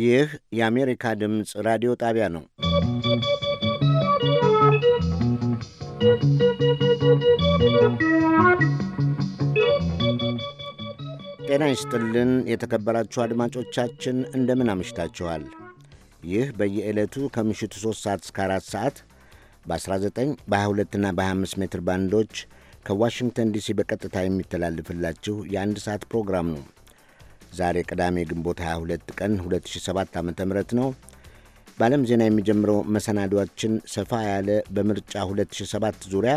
ይህ የአሜሪካ ድምፅ ራዲዮ ጣቢያ ነው። ጤና ይስጥልን የተከበራችሁ አድማጮቻችን እንደምን አምሽታችኋል። ይህ በየዕለቱ ከምሽቱ 3 ሰዓት እስከ 4 ሰዓት በ19 በ22ና በ25 ሜትር ባንዶች ከዋሽንግተን ዲሲ በቀጥታ የሚተላልፍላችሁ የአንድ ሰዓት ፕሮግራም ነው። ዛሬ ቅዳሜ ግንቦት 22 ቀን 2007 ዓ ም ነው። በዓለም ዜና የሚጀምረው መሰናዷችን ሰፋ ያለ በምርጫ 2007 ዙሪያ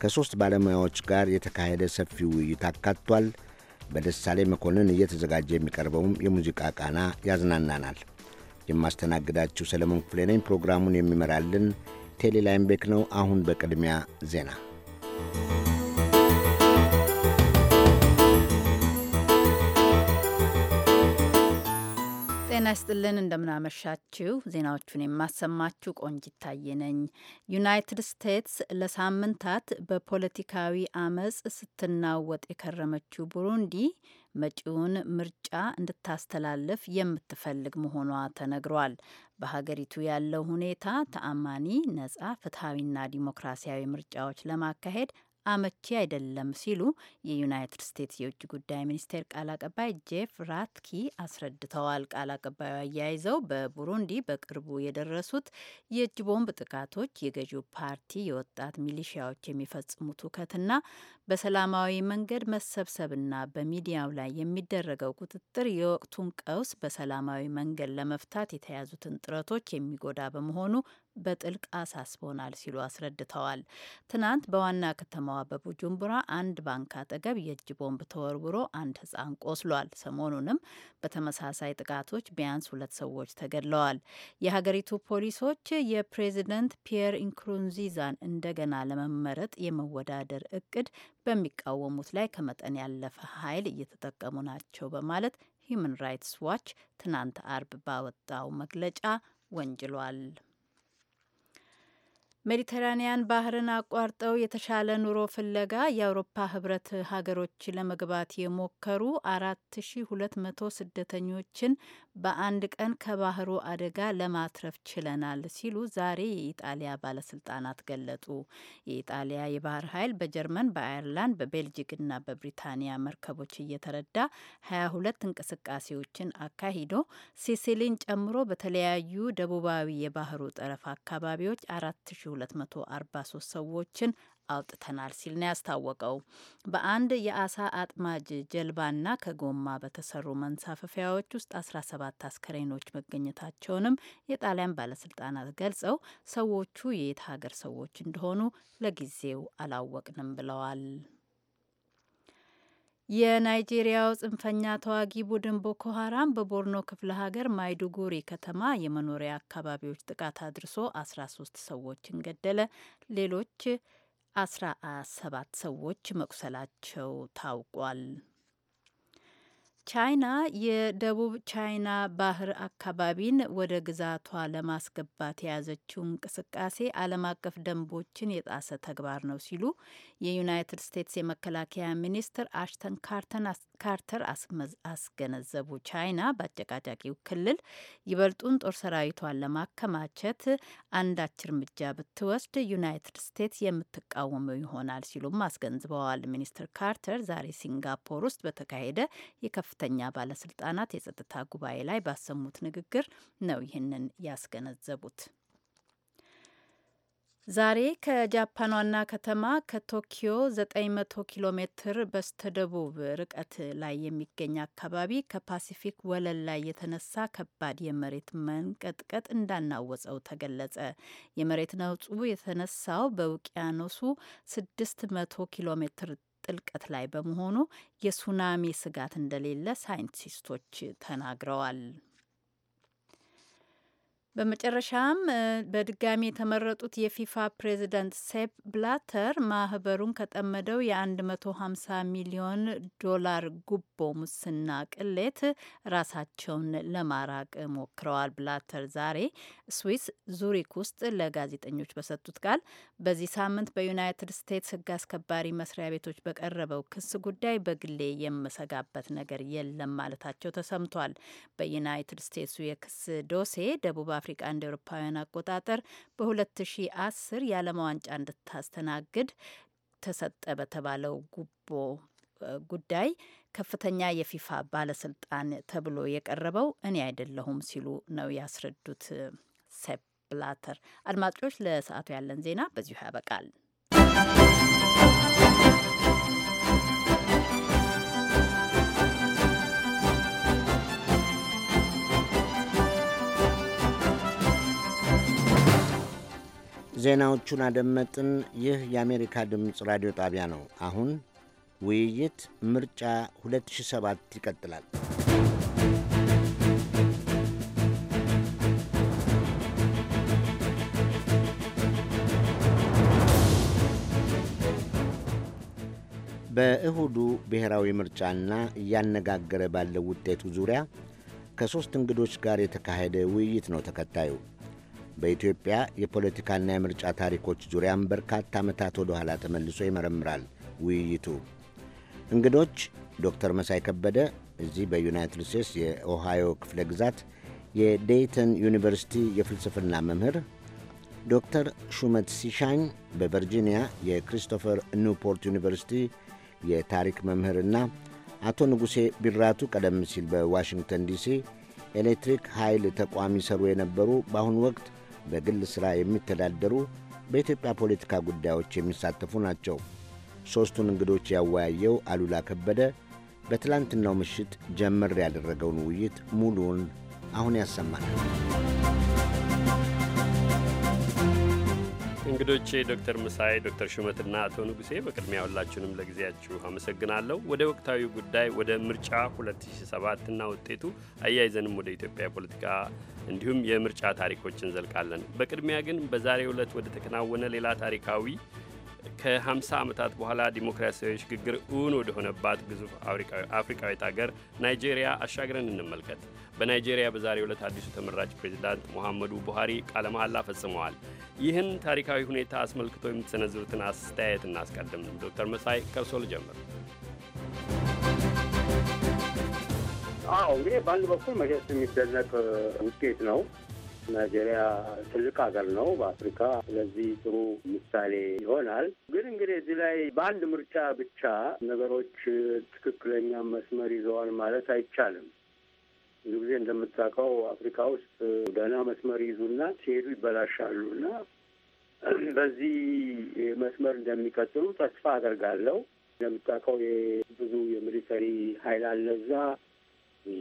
ከሦስት ባለሙያዎች ጋር የተካሄደ ሰፊ ውይይት አካቷል። በደሳሌ መኮንን እየተዘጋጀ የሚቀርበውም የሙዚቃ ቃና ያዝናናናል። የማስተናግዳችሁ ሰለሞን ክፍሌ ነኝ። ፕሮግራሙን የሚመራልን ቴሌላይምቤክ ነው። አሁን በቅድሚያ ዜና ጤና ይስጥልን እንደምናመሻችው ዜናዎቹን የማሰማችሁ ቆንጂት ታየ ነኝ። ዩናይትድ ስቴትስ ለሳምንታት በፖለቲካዊ አመፅ ስትናወጥ የከረመችው ቡሩንዲ መጪውን ምርጫ እንድታስተላልፍ የምትፈልግ መሆኗ ተነግሯል። በሀገሪቱ ያለው ሁኔታ ተአማኒ፣ ነጻ፣ ፍትሐዊና ዲሞክራሲያዊ ምርጫዎች ለማካሄድ አመቺ አይደለም ሲሉ የዩናይትድ ስቴትስ የውጭ ጉዳይ ሚኒስቴር ቃል አቀባይ ጄፍ ራትኪ አስረድተዋል። ቃል አቀባዩ አያይዘው በቡሩንዲ በቅርቡ የደረሱት የእጅ ቦምብ ጥቃቶች የገዢው ፓርቲ የወጣት ሚሊሺያዎች የሚፈጽሙት ውከትና በሰላማዊ መንገድ መሰብሰብና በሚዲያው ላይ የሚደረገው ቁጥጥር የወቅቱን ቀውስ በሰላማዊ መንገድ ለመፍታት የተያዙትን ጥረቶች የሚጎዳ በመሆኑ በጥልቅ አሳስቦናል ሲሉ አስረድተዋል። ትናንት በዋና ከተማዋ በቡጁምቡራ አንድ ባንክ አጠገብ የእጅ ቦምብ ተወርውሮ አንድ ሕፃን ቆስሏል። ሰሞኑንም በተመሳሳይ ጥቃቶች ቢያንስ ሁለት ሰዎች ተገድለዋል። የሀገሪቱ ፖሊሶች የፕሬዚደንት ፒየር ኢንክሩንዚዛን እንደገና ለመመረጥ የመወዳደር እቅድ በሚቃወሙት ላይ ከመጠን ያለፈ ኃይል እየተጠቀሙ ናቸው በማለት ሂዩማን ራይትስ ዋች ትናንት አርብ ባወጣው መግለጫ ወንጅሏል። ሜዲተራኒያን ባህርን አቋርጠው የተሻለ ኑሮ ፍለጋ የአውሮፓ ህብረት ሀገሮች ለመግባት የሞከሩ አራት ሺ ሁለት መቶ ስደተኞችን በአንድ ቀን ከባህሩ አደጋ ለማትረፍ ችለናል ሲሉ ዛሬ የኢጣሊያ ባለስልጣናት ገለጡ። የኢጣሊያ የባህር ኃይል በጀርመን፣ በአየርላንድ፣ በቤልጂክና በብሪታንያ መርከቦች እየተረዳ ሀያ ሁለት እንቅስቃሴዎችን አካሂዶ ሲሲሊን ጨምሮ በተለያዩ ደቡባዊ የባህሩ ጠረፍ አካባቢዎች አራት ሺ ሁለት መቶ አርባ ሶስት ሰዎችን አውጥተናል ሲል ነው ያስታወቀው። በአንድ የአሳ አጥማጅ ጀልባና ከጎማ በተሰሩ መንሳፈፊያዎች ውስጥ 17 አስከሬኖች መገኘታቸውንም የጣሊያን ባለስልጣናት ገልጸው ሰዎቹ የየት ሀገር ሰዎች እንደሆኑ ለጊዜው አላወቅንም ብለዋል። የናይጄሪያው ጽንፈኛ ተዋጊ ቡድን ቦኮ ሀራም በቦርኖ ክፍለ ሀገር ማይዱጉሪ ከተማ የመኖሪያ አካባቢዎች ጥቃት አድርሶ 13 ሰዎችን ገደለ፣ ሌሎች አስራ ሰባት ሰዎች መቁሰላቸው ታውቋል። ቻይና የደቡብ ቻይና ባህር አካባቢን ወደ ግዛቷ ለማስገባት የያዘችው እንቅስቃሴ ዓለም አቀፍ ደንቦችን የጣሰ ተግባር ነው ሲሉ የዩናይትድ ስቴትስ የመከላከያ ሚኒስትር አሽተን ካርተር አስገነዘቡ። ቻይና በአጨቃጫቂው ክልል ይበልጡን ጦር ሰራዊቷን ለማከማቸት አንዳች እርምጃ ብትወስድ ዩናይትድ ስቴትስ የምትቃወመው ይሆናል ሲሉም አስገንዝበዋል። ሚኒስትር ካርተር ዛሬ ሲንጋፖር ውስጥ በተካሄደ የከፍ ከፍተኛ ባለስልጣናት የጸጥታ ጉባኤ ላይ ባሰሙት ንግግር ነው ይህንን ያስገነዘቡት። ዛሬ ከጃፓን ዋና ከተማ ከቶኪዮ 900 ኪሎ ሜትር በስተደቡብ ርቀት ላይ የሚገኝ አካባቢ ከፓሲፊክ ወለል ላይ የተነሳ ከባድ የመሬት መንቀጥቀጥ እንዳናወጸው ተገለጸ። የመሬት ነውጡ የተነሳው በውቅያኖሱ 600 ኪሎ ሜትር ጥልቀት ላይ በመሆኑ የሱናሚ ስጋት እንደሌለ ሳይንቲስቶች ተናግረዋል። በመጨረሻም በድጋሚ የተመረጡት የፊፋ ፕሬዚደንት ሴፕ ብላተር ማህበሩን ከጠመደው የ150 ሚሊዮን ዶላር ጉቦ ሙስና ቅሌት ራሳቸውን ለማራቅ ሞክረዋል። ብላተር ዛሬ ስዊስ ዙሪክ ውስጥ ለጋዜጠኞች በሰጡት ቃል በዚህ ሳምንት በዩናይትድ ስቴትስ ሕግ አስከባሪ መስሪያ ቤቶች በቀረበው ክስ ጉዳይ በግሌ የመሰጋበት ነገር የለም ማለታቸው ተሰምቷል። በዩናይትድ ስቴትሱ የክስ ዶሴ ደቡብ አፍሪቃ እንደ ኤሮፓውያን አቆጣጠር በ2010 የዓለም ዋንጫ እንድታስተናግድ ተሰጠ በተባለው ጉቦ ጉዳይ ከፍተኛ የፊፋ ባለስልጣን ተብሎ የቀረበው እኔ አይደለሁም ሲሉ ነው ያስረዱት ሴፕ ብላተር። አድማጮች፣ ለሰዓቱ ያለን ዜና በዚሁ ያበቃል። ዜናዎቹን አደመጥን። ይህ የአሜሪካ ድምፅ ራዲዮ ጣቢያ ነው። አሁን ውይይት ምርጫ 2007 ይቀጥላል። በእሁዱ ብሔራዊ ምርጫና እያነጋገረ ባለው ውጤቱ ዙሪያ ከሦስት እንግዶች ጋር የተካሄደ ውይይት ነው ተከታዩ በኢትዮጵያ የፖለቲካና የምርጫ ታሪኮች ዙሪያም በርካታ ዓመታት ወደ ኋላ ተመልሶ ይመረምራል። ውይይቱ እንግዶች ዶክተር መሳይ ከበደ እዚህ በዩናይትድ ስቴትስ የኦሃዮ ክፍለ ግዛት የዴይተን ዩኒቨርሲቲ የፍልስፍና መምህር፣ ዶክተር ሹመት ሲሻኝ በቨርጂኒያ የክሪስቶፈር ኒውፖርት ዩኒቨርሲቲ የታሪክ መምህርና አቶ ንጉሴ ቢራቱ ቀደም ሲል በዋሽንግተን ዲሲ ኤሌክትሪክ ኃይል ተቋም ይሰሩ የነበሩ በአሁኑ ወቅት በግል ሥራ የሚተዳደሩ በኢትዮጵያ ፖለቲካ ጉዳዮች የሚሳተፉ ናቸው። ሦስቱን እንግዶች ያወያየው አሉላ ከበደ በትላንትናው ምሽት ጀመር ያደረገውን ውይይት ሙሉውን አሁን ያሰማል። እንግዶቼ ዶክተር ምሳይ ዶክተር ሹመትና አቶ ንጉሴ በቅድሚያ ሁላችሁንም ለጊዜያችሁ አመሰግናለሁ። ወደ ወቅታዊ ጉዳይ ወደ ምርጫ 2007ና ውጤቱ አያይዘንም ወደ ኢትዮጵያ የፖለቲካ እንዲሁም የምርጫ ታሪኮችን ዘልቃለን። በቅድሚያ ግን በዛሬው ዕለት ወደ ተከናወነ ሌላ ታሪካዊ ከ50 ዓመታት በኋላ ዲሞክራሲያዊ ሽግግር እውን ወደሆነባት ግዙፍ አፍሪካዊት ሀገር ናይጄሪያ አሻግረን እንመልከት። በናይጄሪያ በዛሬው ዕለት አዲሱ ተመራጭ ፕሬዚዳንት ሙሐመዱ ቡሃሪ ቃለ መሐላ ፈጽመዋል። ይህን ታሪካዊ ሁኔታ አስመልክቶ የምትሰነዝሩትን አስተያየት እናስቀድም። ዶክተር መሳይ ከርሶ ልጀምር። ያው እንግዲህ በአንድ በኩል መቼስ የሚደነቅ ውጤት ነው። ናይጄሪያ ትልቅ ሀገር ነው በአፍሪካ። ስለዚህ ጥሩ ምሳሌ ይሆናል። ግን እንግዲህ እዚህ ላይ በአንድ ምርጫ ብቻ ነገሮች ትክክለኛ መስመር ይዘዋል ማለት አይቻልም። ብዙ ጊዜ እንደምታውቀው አፍሪካ ውስጥ ደህና መስመር ይዙና ሲሄዱ ይበላሻሉ እና በዚህ መስመር እንደሚቀጥሉ ተስፋ አደርጋለሁ። እንደምታውቀው ብዙ የሚሊተሪ ኃይል አለ እዛ ብዙ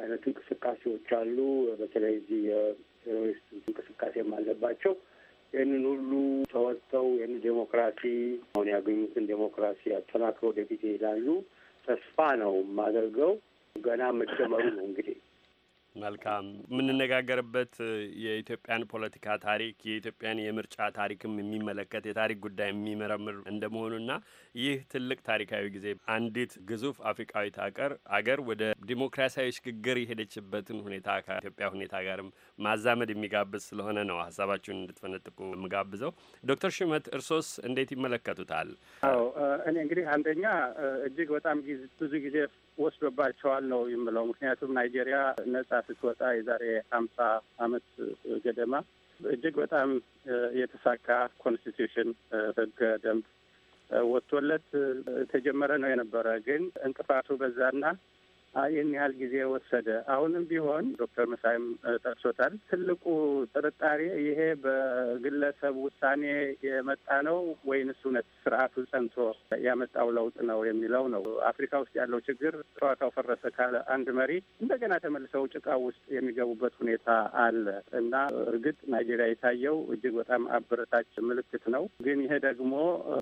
አይነት እንቅስቃሴዎች አሉ። በተለይ እዚህ የቴሮሪስት እንቅስቃሴም አለባቸው። ይህንን ሁሉ ተወጥተው ይህን ዴሞክራሲ አሁን ያገኙትን ዴሞክራሲ አጠናክሮ ወደፊት ይሄዳሉ። ተስፋ ነው የማደርገው። ገና መጀመሩ ነው እንግዲህ መልካም የምንነጋገርበት የኢትዮጵያን ፖለቲካ ታሪክ የኢትዮጵያን የምርጫ ታሪክም የሚመለከት የታሪክ ጉዳይ የሚመረምር እንደመሆኑና ይህ ትልቅ ታሪካዊ ጊዜ አንዲት ግዙፍ አፍሪካዊት አገር አገር ወደ ዲሞክራሲያዊ ሽግግር የሄደችበትን ሁኔታ ከኢትዮጵያ ሁኔታ ጋርም ማዛመድ የሚጋብዝ ስለሆነ ነው ሀሳባችሁን እንድትፈነጥቁ የምጋብዘው። ዶክተር ሽመት እርሶስ እንዴት ይመለከቱታል? አዎ እኔ እንግዲህ አንደኛ እጅግ በጣም ብዙ ጊዜ ወስዶባቸዋል ነው የምለው። ምክንያቱም ናይጄሪያ ነጻ ስትወጣ የዛሬ ሀምሳ አመት ገደማ እጅግ በጣም የተሳካ ኮንስቲትዩሽን ህገ ደንብ ወጥቶለት ተጀመረ ነው የነበረ። ግን እንቅፋቱ በዛና ይህን ያህል ጊዜ ወሰደ። አሁንም ቢሆን ዶክተር መሳይም ጠቅሶታል። ትልቁ ጥርጣሬ ይሄ በግለሰብ ውሳኔ የመጣ ነው ወይንስ እውነት ስርዓቱ ጸንቶ ያመጣው ለውጥ ነው የሚለው ነው። አፍሪካ ውስጥ ያለው ችግር ጨዋታው ፈረሰ ካለ አንድ መሪ እንደገና ተመልሰው ጭቃ ውስጥ የሚገቡበት ሁኔታ አለ እና እርግጥ ናይጄሪያ የታየው እጅግ በጣም አበረታች ምልክት ነው። ግን ይሄ ደግሞ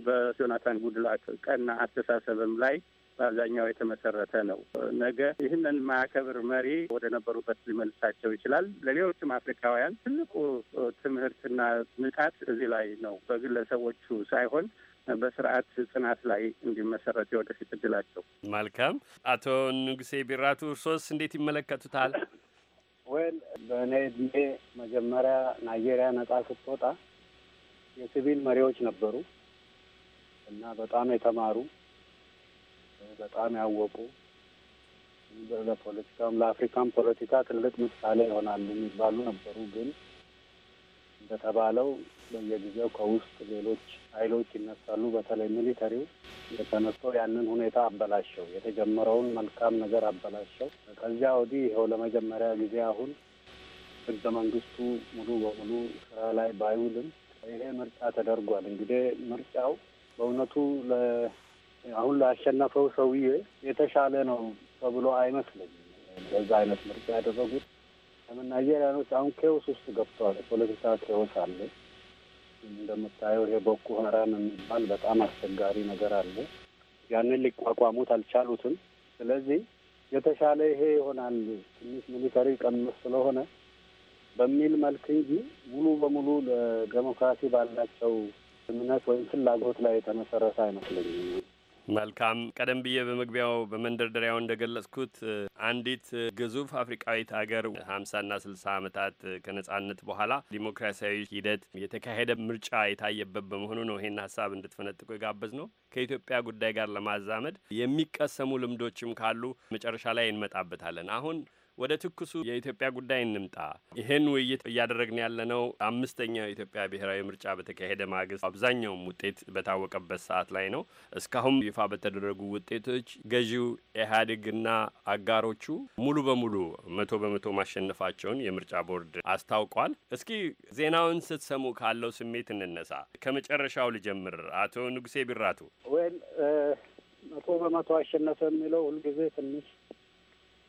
በዮናታን ጉድላክ ቀና አስተሳሰብም ላይ በአብዛኛው የተመሰረተ ነው። ነገ ይህንን ማያከብር መሪ ወደ ነበሩበት ሊመልሳቸው ይችላል። ለሌሎችም አፍሪካውያን ትልቁ ትምህርትና ንቃት እዚህ ላይ ነው። በግለሰቦቹ ሳይሆን በስርዓት ጽናት ላይ እንዲመሰረት የወደፊት እድላቸው። መልካም። አቶ ንጉሴ ቢራቱ እርሶስ እንዴት ይመለከቱታል? ወል በእኔ እድሜ መጀመሪያ ናይጄሪያ ነጻ ስትወጣ የሲቪል መሪዎች ነበሩ እና በጣም የተማሩ በጣም ያወቁ ለፖለቲካም ለአፍሪካም ፖለቲካ ትልቅ ምሳሌ ይሆናሉ የሚባሉ ነበሩ። ግን እንደተባለው በየጊዜው ከውስጥ ሌሎች ኃይሎች ይነሳሉ። በተለይ ሚሊተሪው የተነስተው ያንን ሁኔታ አበላሸው፣ የተጀመረውን መልካም ነገር አበላሸው። ከዚያ ወዲህ ይኸው ለመጀመሪያ ጊዜ አሁን ህገ መንግስቱ ሙሉ በሙሉ ስራ ላይ ባይውልም ይሄ ምርጫ ተደርጓል። እንግዲህ ምርጫው በእውነቱ አሁን ላሸነፈው ሰውዬ የተሻለ ነው ተብሎ አይመስለኝም። በዛ አይነት ምርጫ ያደረጉት ለምን ናይጄሪያኖች አሁን ኬዎስ ውስጥ ገብተዋል። የፖለቲካ ኬዎስ አለ። እንደምታየው ይሄ ቦኮ ሀራም የሚባል በጣም አስቸጋሪ ነገር አለ። ያንን ሊቋቋሙት አልቻሉትም። ስለዚህ የተሻለ ይሄ ይሆናል ትንሽ ሚሊተሪ ቀንስ ስለሆነ በሚል መልክ እንጂ ሙሉ በሙሉ ለዴሞክራሲ ባላቸው እምነት ወይም ፍላጎት ላይ የተመሰረተ አይመስለኝም። መልካም ቀደም ብዬ በመግቢያው በመንደርደሪያው እንደገለጽኩት አንዲት ግዙፍ አፍሪቃዊት ሀገር ሀምሳና ስልሳ ዓመታት ከነጻነት በኋላ ዲሞክራሲያዊ ሂደት የተካሄደ ምርጫ የታየበት በመሆኑ ነው ይሄን ሀሳብ እንድትፈነጥቁ የጋበዝ ነው። ከኢትዮጵያ ጉዳይ ጋር ለማዛመድ የሚቀሰሙ ልምዶችም ካሉ መጨረሻ ላይ እንመጣበታለን። አሁን ወደ ትኩሱ የኢትዮጵያ ጉዳይ እንምጣ። ይህን ውይይት እያደረግን ያለነው አምስተኛው የኢትዮጵያ ብሔራዊ ምርጫ በተካሄደ ማግስት አብዛኛውም ውጤት በታወቀበት ሰዓት ላይ ነው። እስካሁን ይፋ በተደረጉ ውጤቶች ገዢው ኢህአዴግና አጋሮቹ ሙሉ በሙሉ መቶ በመቶ ማሸነፋቸውን የምርጫ ቦርድ አስታውቋል። እስኪ ዜናውን ስትሰሙ ካለው ስሜት እንነሳ። ከመጨረሻው ልጀምር። አቶ ንጉሴ ቢራቱ ወይም መቶ በመቶ አሸነፈ የሚለው ሁልጊዜ ትንሽ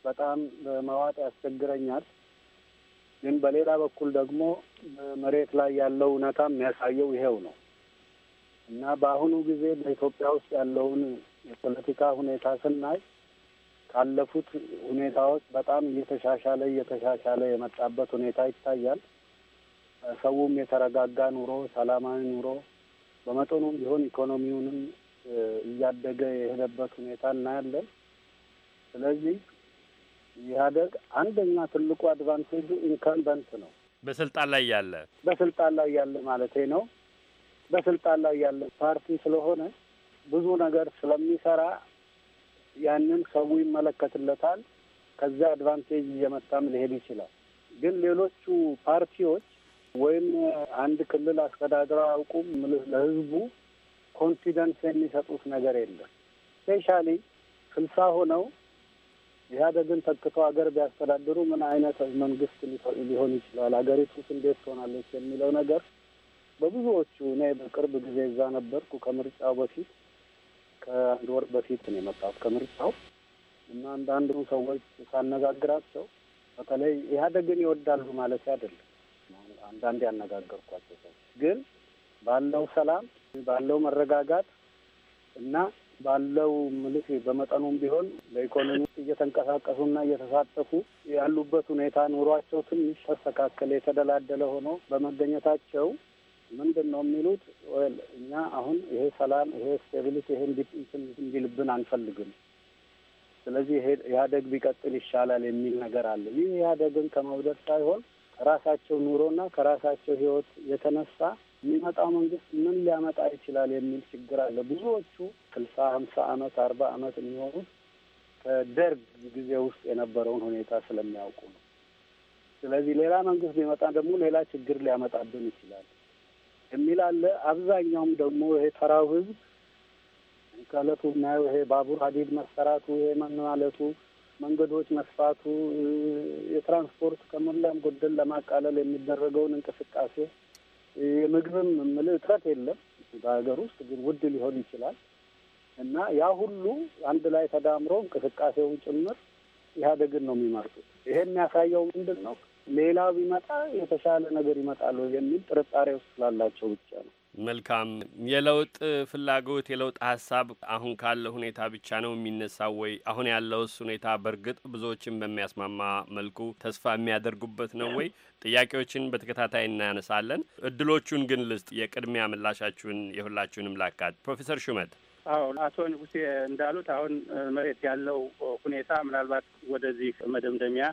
በጣም መዋጥ ያስቸግረኛል። ግን በሌላ በኩል ደግሞ መሬት ላይ ያለው እውነታ የሚያሳየው ይሄው ነው እና በአሁኑ ጊዜ በኢትዮጵያ ውስጥ ያለውን የፖለቲካ ሁኔታ ስናይ ካለፉት ሁኔታዎች በጣም እየተሻሻለ እየተሻሻለ የመጣበት ሁኔታ ይታያል። ሰውም የተረጋጋ ኑሮ፣ ሰላማዊ ኑሮ በመጠኑም ቢሆን ኢኮኖሚውንም እያደገ የሄደበት ሁኔታ እናያለን። ስለዚህ ኢህአደግ አንደኛ ትልቁ አድቫንቴጁ ኢንከምበንት ነው። በስልጣን ላይ ያለ በስልጣን ላይ ያለ ማለት ነው። በስልጣን ላይ ያለ ፓርቲ ስለሆነ ብዙ ነገር ስለሚሰራ ያንን ሰው ይመለከትለታል። ከዚያ አድቫንቴጅ እየመጣም ሊሄድ ይችላል። ግን ሌሎቹ ፓርቲዎች ወይም አንድ ክልል አስተዳደር አያውቁም። ለህዝቡ ኮንፊደንስ የሚሰጡት ነገር የለም። ስፔሻሊ ስልሳ ሆነው ኢህአዴግን ተክተው ሀገር ቢያስተዳድሩ ምን አይነት መንግስት ሊሆን ይችላል? ሀገሪቱ እንዴት ትሆናለች? የሚለው ነገር በብዙዎቹ እኔ በቅርብ ጊዜ እዛ ነበርኩ። ከምርጫው በፊት ከአንድ ወር በፊት ነው የመጣሁት ከምርጫው እና አንዳንዱ ሰዎች ሳነጋግራቸው በተለይ ኢህአዴግን ይወዳሉ ማለት አይደለም። አንዳንድ ያነጋገርኳቸው ሰዎች ግን ባለው ሰላም ባለው መረጋጋት እና ባለው ምልክ በመጠኑም ቢሆን በኢኮኖሚ እየተንቀሳቀሱና እየተሳተፉ ያሉበት ሁኔታ ኑሯቸው ትንሽ ተስተካከለ የተደላደለ ሆኖ በመገኘታቸው ምንድን ነው የሚሉት ወል እኛ አሁን ይሄ ሰላም ይሄ ስቴቢሊቲ ይሄ እንዲልብን አንፈልግም። ስለዚህ ይሄ ቢቀጥል ይሻላል የሚል ነገር አለ። ይህ ኢህአዴግን ከመውደድ ሳይሆን ከራሳቸው ኑሮና ከራሳቸው ህይወት የተነሳ የሚመጣው መንግስት ምን ሊያመጣ ይችላል የሚል ችግር አለ። ብዙዎቹ ስልሳ ሀምሳ አመት አርባ አመት የሚሆኑት ከደርግ ጊዜ ውስጥ የነበረውን ሁኔታ ስለሚያውቁ ነው። ስለዚህ ሌላ መንግስት ሊመጣ ደግሞ ሌላ ችግር ሊያመጣብን ይችላል የሚል አለ። አብዛኛውም ደግሞ ይሄ ተራው ህዝብ ከእለቱ እናየው ይሄ ባቡር ሀዲድ መሰራቱ፣ ይሄ መናለቱ፣ መንገዶች መስፋቱ፣ የትራንስፖርት ከሞላም ጎደል ለማቃለል የሚደረገውን እንቅስቃሴ የምግብም ምል እጥረት የለም በሀገር ውስጥ ግን ውድ ሊሆን ይችላል እና ያ ሁሉ አንድ ላይ ተዳምሮ እንቅስቃሴውን ጭምር ኢህአዴግን ነው የሚመርጡት። ይሄ የሚያሳየው ምንድን ነው? ሌላው ቢመጣ የተሻለ ነገር ይመጣሉ የሚል ጥርጣሬ ውስጥ ስላላቸው ብቻ ነው። መልካም የለውጥ ፍላጎት የለውጥ ሀሳብ አሁን ካለ ሁኔታ ብቻ ነው የሚነሳው ወይ? አሁን ያለውስ ሁኔታ በእርግጥ ብዙዎችን በሚያስማማ መልኩ ተስፋ የሚያደርጉበት ነው ወይ? ጥያቄዎችን በተከታታይ እናነሳለን። እድሎቹን ግን ልስጥ፣ የቅድሚያ ምላሻችሁን የሁላችሁንም ላካት። ፕሮፌሰር ሹመት። አዎ አቶ ንጉሴ እንዳሉት አሁን መሬት ያለው ሁኔታ ምናልባት ወደዚህ መደምደሚያ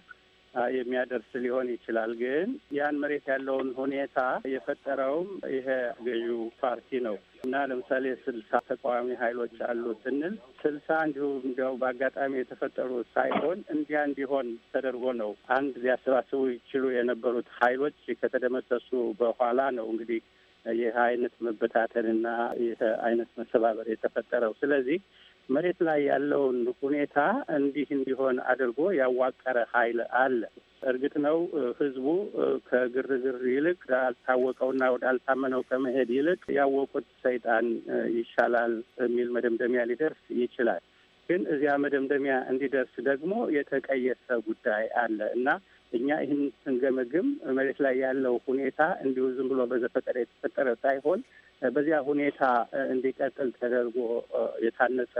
የሚያደርስ ሊሆን ይችላል። ግን ያን መሬት ያለውን ሁኔታ የፈጠረውም ይሄ ገዢው ፓርቲ ነው እና ለምሳሌ ስልሳ ተቃዋሚ ኃይሎች አሉ ስንል ስልሳ እንዲሁ እንዲያው በአጋጣሚ የተፈጠሩ ሳይሆን እንዲያ እንዲሆን ተደርጎ ነው። አንድ ሊያሰባስቡ ይችሉ የነበሩት ኃይሎች ከተደመሰሱ በኋላ ነው እንግዲህ ይህ አይነት መበታተንና ይህ አይነት መሰባበር የተፈጠረው። ስለዚህ መሬት ላይ ያለውን ሁኔታ እንዲህ እንዲሆን አድርጎ ያዋቀረ ኃይል አለ። እርግጥ ነው ህዝቡ ከግርግር ይልቅ ወዳልታወቀውና ወዳልታመነው ከመሄድ ይልቅ ያወቁት ሰይጣን ይሻላል የሚል መደምደሚያ ሊደርስ ይችላል። ግን እዚያ መደምደሚያ እንዲደርስ ደግሞ የተቀየሰ ጉዳይ አለ እና እኛ ይህን ስንገመግም መሬት ላይ ያለው ሁኔታ እንዲሁ ዝም ብሎ በዘፈቀደ የተፈጠረ ሳይሆን በዚያ ሁኔታ እንዲቀጥል ተደርጎ የታነጸ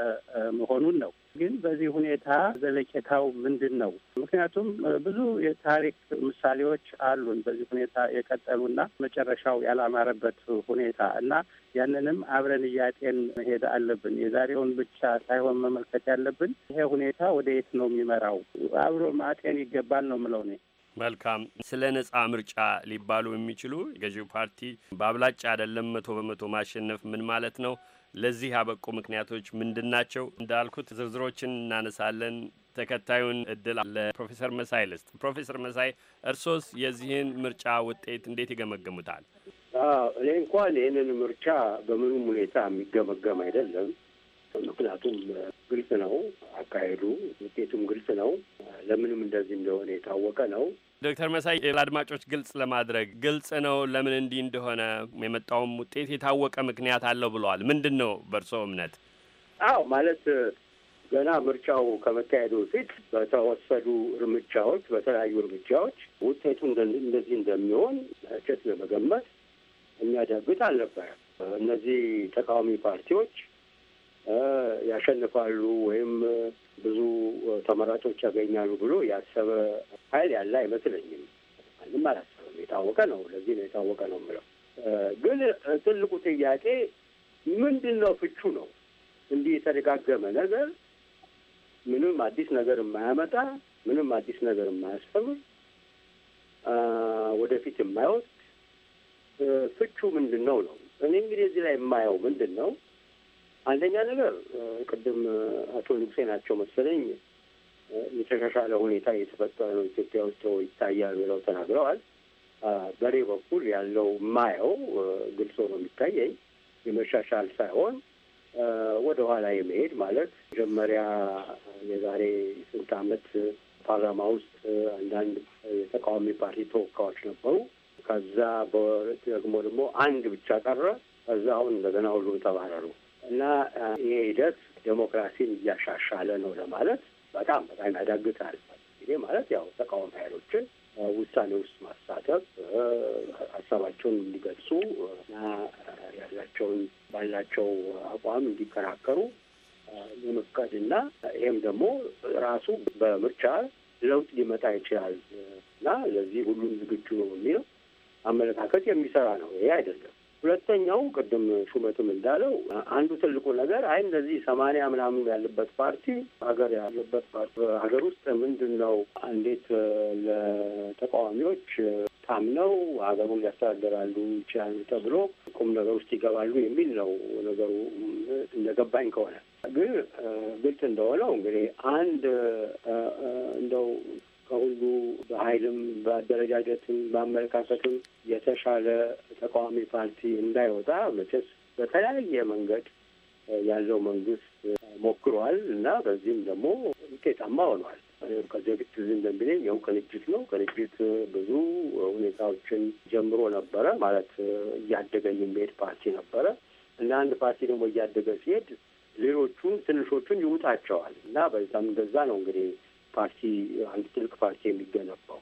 መሆኑን ነው። ግን በዚህ ሁኔታ ዘለቄታው ምንድን ነው? ምክንያቱም ብዙ የታሪክ ምሳሌዎች አሉን በዚህ ሁኔታ የቀጠሉና መጨረሻው ያላማረበት ሁኔታ እና ያንንም አብረን እያጤን መሄድ አለብን። የዛሬውን ብቻ ሳይሆን መመልከት ያለብን ይሄ ሁኔታ ወደ የት ነው የሚመራው፣ አብሮ ማጤን ይገባል ነው የምለው እኔ። መልካም ስለ ነጻ ምርጫ ሊባሉ የሚችሉ የገዢው ፓርቲ በአብላጫ አይደለም መቶ በመቶ ማሸነፍ ምን ማለት ነው? ለዚህ ያበቁ ምክንያቶች ምንድን ናቸው? እንዳልኩት ዝርዝሮችን እናነሳለን። ተከታዩን እድል ለፕሮፌሰር መሳይ ልስጥ። ፕሮፌሰር መሳይ እርሶስ የዚህን ምርጫ ውጤት እንዴት ይገመገሙታል? እኔ እንኳን ይህንን ምርጫ በምንም ሁኔታ የሚገመገም አይደለም ምክንያቱም ግልጽ ነው አካሄዱ፣ ውጤቱም ግልጽ ነው። ለምንም እንደዚህ እንደሆነ የታወቀ ነው። ዶክተር መሳይ ለአድማጮች ግልጽ ለማድረግ ግልጽ ነው ለምን እንዲህ እንደሆነ የመጣውም ውጤት የታወቀ ምክንያት አለው ብለዋል። ምንድን ነው በእርሶ እምነት? አዎ ማለት ገና ምርጫው ከመካሄዱ በፊት በተወሰዱ እርምጃዎች፣ በተለያዩ እርምጃዎች ውጤቱ እንደዚህ እንደሚሆን ቸት ለመገመት የሚያዳግት አልነበረም። እነዚህ ተቃዋሚ ፓርቲዎች ያሸንፋሉ ወይም ብዙ ተመራጮች ያገኛሉ ብሎ ያሰበ ኃይል ያለ አይመስለኝም። ማንም አላሰበም። የታወቀ ነው። ለዚህ ነው የታወቀ ነው የምለው። ግን ትልቁ ጥያቄ ምንድን ነው ፍቹ ነው። እንዲህ የተደጋገመ ነገር ምንም አዲስ ነገር የማያመጣ ምንም አዲስ ነገር የማያስፈምር ወደፊት የማይወስድ ፍቹ ምንድን ነው ነው። እኔ እንግዲህ እዚህ ላይ የማየው ምንድን ነው አንደኛ ነገር ቅድም አቶ ንጉሴ ናቸው መሰለኝ የተሻሻለ ሁኔታ እየተፈጠረ ነው ኢትዮጵያ ውስጥ ይታያል ብለው ተናግረዋል። በእኔ በኩል ያለው ማየው ግልጾ ነው የሚታየኝ የመሻሻል ሳይሆን ወደ ኋላ የመሄድ ማለት መጀመሪያ የዛሬ ስንት ዓመት ፓርላማ ውስጥ አንዳንድ የተቃዋሚ ፓርቲ ተወካዮች ነበሩ። ከዛ ደግሞ ደግሞ አንድ ብቻ ቀረ። ከዛ አሁን እንደገና ሁሉም ተባረሩ። እና ይሄ ሂደት ዴሞክራሲን እያሻሻለ ነው ለማለት በጣም በጣም ያዳግታል። ይሄ ማለት ያው ተቃዋሚ ኃይሎችን ውሳኔ ውስጥ ማሳተፍ ሀሳባቸውን እንዲገልጹ እና ያላቸውን ባላቸው አቋም እንዲከራከሩ የመፍቀድና ይህም ደግሞ ራሱ በምርጫ ለውጥ ሊመጣ ይችላል እና ለዚህ ሁሉም ዝግጁ ነው የሚለው አመለካከት የሚሰራ ነው። ይሄ አይደለም። ሁለተኛው ቅድም ሹመትም እንዳለው አንዱ ትልቁ ነገር አይ እንደዚህ ሰማንያ ምናምን ያለበት ፓርቲ ሀገር ያለበት ፓርቲ ሀገር ውስጥ ምንድን ነው እንዴት ለተቃዋሚዎች ታምነው ሀገሩን ሊያስተዳደራሉ ይችላሉ ተብሎ ቁም ነገር ውስጥ ይገባሉ የሚል ነው ነገሩ እንደገባኝ ከሆነ ግን ግልጽ እንደሆነው እንግዲህ አንድ እንደው ከሁሉ በኃይልም በአደረጃጀትም በአመለካከትም የተሻለ ተቃዋሚ ፓርቲ እንዳይወጣ መቼስ በተለያየ መንገድ ያለው መንግስት ሞክሯል እና በዚህም ደግሞ ውጤታማ ሆኗል። ከዚህ በፊት ዝ እንደሚለኝ ያው ቅንጅት ነው። ቅንጅት ብዙ ሁኔታዎችን ጀምሮ ነበረ ማለት እያደገ የሚሄድ ፓርቲ ነበረ እና አንድ ፓርቲ ደግሞ እያደገ ሲሄድ ሌሎቹን ትንሾቹን ይውጣቸዋል እና በዛም እንደዛ ነው እንግዲህ ፓርቲ አንድ ትልቅ ፓርቲ የሚገነባው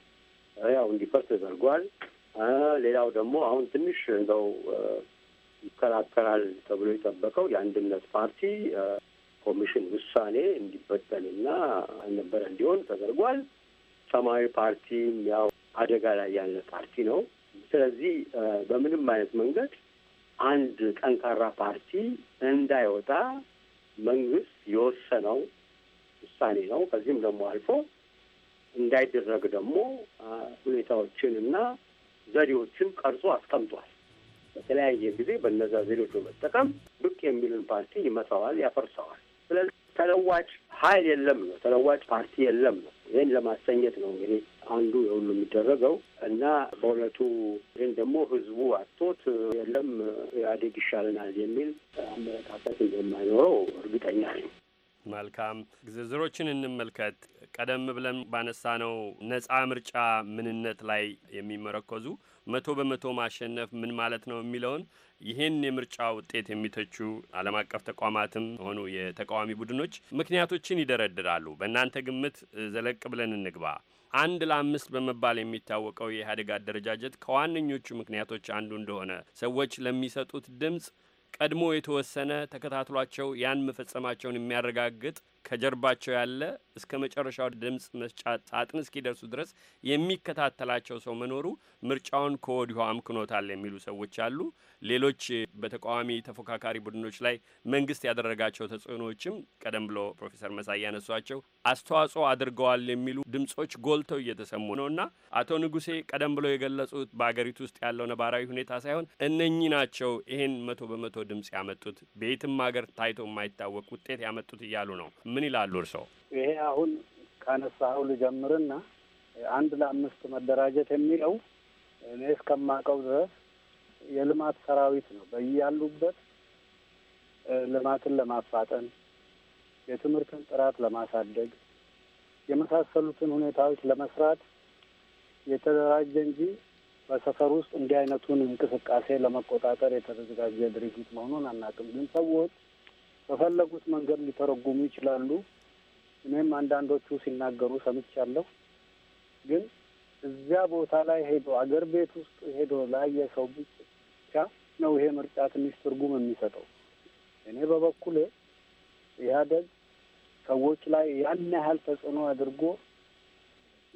ያው እንዲፈርስ ተደርጓል። ሌላው ደግሞ አሁን ትንሽ እንደው ይከራከራል ተብሎ የጠበቀው የአንድነት ፓርቲ ኮሚሽን ውሳኔ እንዲበጠልና አልነበረ እንዲሆን ተደርጓል። ሰማያዊ ፓርቲም ያው አደጋ ላይ ያለ ፓርቲ ነው። ስለዚህ በምንም አይነት መንገድ አንድ ጠንካራ ፓርቲ እንዳይወጣ መንግስት የወሰነው ውሳኔ ነው። ከዚህም ደግሞ አልፎ እንዳይደረግ ደግሞ ሁኔታዎችንና ዘዴዎችን ቀርጾ አስቀምጧል። በተለያየ ጊዜ በነዛ ዘዴዎች በመጠቀም ብቅ የሚልን ፓርቲ ይመታዋል፣ ያፈርሰዋል። ስለዚህ ተለዋጭ ኃይል የለም ነው፣ ተለዋጭ ፓርቲ የለም ነው። ይህን ለማሰኘት ነው እንግዲህ አንዱ የሁሉ የሚደረገው እና በእውነቱ ይህን ደግሞ ህዝቡ አቶት የለም ኢህአዴግ ይሻለናል የሚል አመለካከት እንደማይኖረው እርግጠኛ ነኝ። መልካም ዝርዝሮችን እንመልከት። ቀደም ብለን ባነሳ ነው ነጻ ምርጫ ምንነት ላይ የሚመረኮዙ መቶ በመቶ ማሸነፍ ምን ማለት ነው የሚለውን ይህን የምርጫ ውጤት የሚተቹ ዓለም አቀፍ ተቋማትም ሆኑ የተቃዋሚ ቡድኖች ምክንያቶችን ይደረድራሉ። በእናንተ ግምት ዘለቅ ብለን እንግባ። አንድ ለአምስት በመባል የሚታወቀው የኢህአዴግ አደረጃጀት ከዋነኞቹ ምክንያቶች አንዱ እንደሆነ ሰዎች ለሚሰጡት ድምፅ ቀድሞ የተወሰነ ተከታትሏቸው ያን መፈጸማቸውን የሚያረጋግጥ ከጀርባቸው ያለ እስከ መጨረሻው ድምፅ መስጫ ሳጥን እስኪደርሱ ድረስ የሚከታተላቸው ሰው መኖሩ ምርጫውን ከወዲሁ አምክኖታል የሚሉ ሰዎች አሉ። ሌሎች በተቃዋሚ ተፎካካሪ ቡድኖች ላይ መንግስት ያደረጋቸው ተጽዕኖዎችም ቀደም ብሎ ፕሮፌሰር መሳይ ያነሷቸው አስተዋጽኦ አድርገዋል የሚሉ ድምጾች ጎልተው እየተሰሙ ነው እና አቶ ንጉሴ ቀደም ብሎ የገለጹት በአገሪቱ ውስጥ ያለው ነባራዊ ሁኔታ ሳይሆን እነኚህ ናቸው ይህን መቶ በመቶ ድምፅ ያመጡት በየትም ሀገር ታይቶ የማይታወቅ ውጤት ያመጡት እያሉ ነው። ምን ይላሉ እርስዎ? ይሄ አሁን ካነሳኸው ልጀምርና አንድ ለአምስት መደራጀት የሚለው እኔ እስከማውቀው ድረስ የልማት ሰራዊት ነው። በያሉበት ልማትን ለማፋጠን የትምህርትን ጥራት ለማሳደግ የመሳሰሉትን ሁኔታዎች ለመስራት የተደራጀ እንጂ በሰፈር ውስጥ እንዲህ አይነቱን እንቅስቃሴ ለመቆጣጠር የተዘጋጀ ድርጅት መሆኑን አናውቅም። ግን ሰዎች በፈለጉት መንገድ ሊተረጉሙ ይችላሉ። እኔም አንዳንዶቹ ሲናገሩ ሰምቻለሁ። ግን እዚያ ቦታ ላይ ሄዶ አገር ቤት ውስጥ ሄዶ ላየ ሰው ብቻ ነው ይሄ ምርጫ ትንሽ ትርጉም የሚሰጠው። እኔ በበኩሌ ኢህአዴግ ሰዎች ላይ ያን ያህል ተጽዕኖ አድርጎ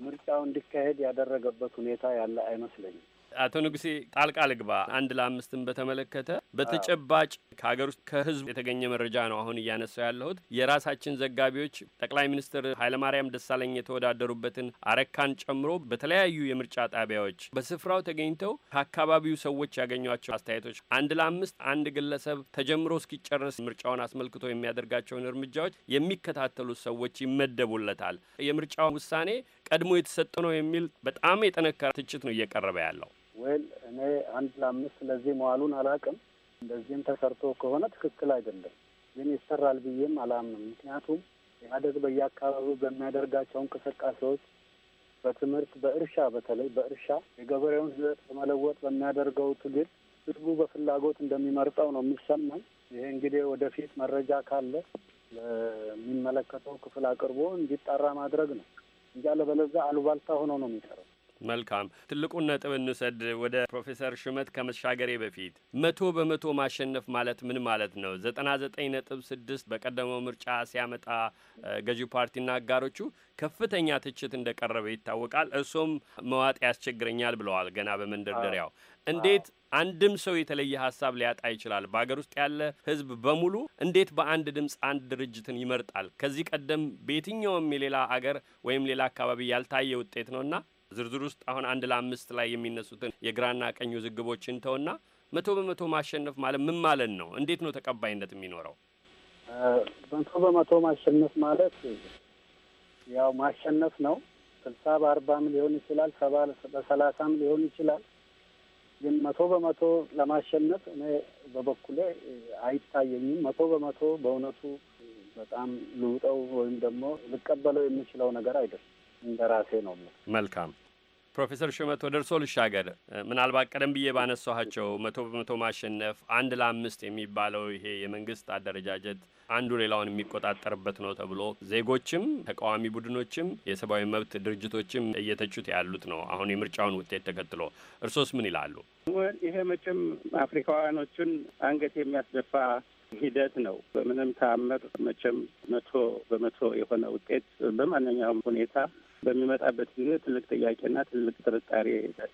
ምርጫው እንዲካሄድ ያደረገበት ሁኔታ ያለ አይመስለኝም። አቶ ንጉሴ ጣልቃ ልግባ። አንድ ለአምስትን በተመለከተ በተጨባጭ ከሀገር ውስጥ ከህዝብ የተገኘ መረጃ ነው አሁን እያነሳው ያለሁት። የራሳችን ዘጋቢዎች ጠቅላይ ሚኒስትር ኃይለማርያም ደሳለኝ የተወዳደሩበትን አረካን ጨምሮ በተለያዩ የምርጫ ጣቢያዎች በስፍራው ተገኝተው ከአካባቢው ሰዎች ያገኟቸው አስተያየቶች አንድ ለአምስት አንድ ግለሰብ ተጀምሮ እስኪጨረስ ምርጫውን አስመልክቶ የሚያደርጋቸውን እርምጃዎች የሚከታተሉ ሰዎች ይመደቡለታል። የምርጫው ውሳኔ ቀድሞ የተሰጠ ነው የሚል በጣም የጠነከረ ትችት ነው እየቀረበ ያለው። ወይል እኔ አንድ ለአምስት ለዚህ መዋሉን አላውቅም። እንደዚህም ተሰርቶ ከሆነ ትክክል አይደለም። ግን ይሰራል ብዬም አላምንም። ምክንያቱም ኢህአደግ በየአካባቢው በሚያደርጋቸው እንቅስቃሴዎች በትምህርት፣ በእርሻ በተለይ በእርሻ የገበሬውን ሕይወት በመለወጥ በሚያደርገው ትግል ህዝቡ በፍላጎት እንደሚመርጠው ነው የሚሰማኝ። ይሄ እንግዲህ ወደፊት መረጃ ካለ ለሚመለከተው ክፍል አቅርቦ እንዲጣራ ማድረግ ነው እንጂ አለበለዚያ አሉባልታ ሆኖ ነው የሚቀረው። መልካም ትልቁን ነጥብ እንውሰድ። ወደ ፕሮፌሰር ሹመት ከመሻገሬ በፊት መቶ በመቶ ማሸነፍ ማለት ምን ማለት ነው? ዘጠና ዘጠኝ ነጥብ ስድስት በቀደመው ምርጫ ሲያመጣ ገዢው ፓርቲና አጋሮቹ ከፍተኛ ትችት እንደቀረበ ይታወቃል። እርሶም መዋጥ ያስቸግረኛል ብለዋል ገና በመንደርደሪያው። እንዴት አንድም ሰው የተለየ ሀሳብ ሊያጣ ይችላል? በሀገር ውስጥ ያለ ህዝብ በሙሉ እንዴት በአንድ ድምፅ አንድ ድርጅትን ይመርጣል? ከዚህ ቀደም በየትኛውም የሌላ አገር ወይም ሌላ አካባቢ ያልታየ ውጤት ነውና ዝርዝር ውስጥ አሁን አንድ ለአምስት ላይ የሚነሱትን የግራና ቀኝ ውዝግቦችን ተውና መቶ በመቶ ማሸነፍ ማለት ምን ማለት ነው? እንዴት ነው ተቀባይነት የሚኖረው? መቶ በመቶ ማሸነፍ ማለት ያው ማሸነፍ ነው። ስልሳ በአርባም ሊሆን ይችላል፣ ሰባ በሰላሳም ሊሆን ይችላል። ግን መቶ በመቶ ለማሸነፍ እኔ በበኩሌ አይታየኝም። መቶ በመቶ በእውነቱ በጣም ልውጠው ወይም ደግሞ ልቀበለው የምችለው ነገር አይደለም። እንደራሴ ነው። መልካም ፕሮፌሰር ሹመት ወደ ልሻገር። ምናልባት ቀደም ብዬ ባነሳኋቸው መቶ በመቶ ማሸነፍ አንድ ለአምስት የሚባለው ይሄ የመንግስት አደረጃጀት አንዱ ሌላውን የሚቆጣጠርበት ነው ተብሎ ዜጎችም ተቃዋሚ ቡድኖችም የሰብአዊ መብት ድርጅቶችም እየተቹት ያሉት ነው። አሁን የምርጫውን ውጤት ተከትሎ እርሶስ ምን ይላሉ? ይሄ መቼም አፍሪካውያኖቹን አንገት የሚያስደፋ ሂደት ነው። በምንም ተአምር መቼም መቶ በመቶ የሆነ ውጤት በማንኛውም ሁኔታ በሚመጣበት ጊዜ ትልቅ ጥያቄና ትልቅ ጥርጣሬ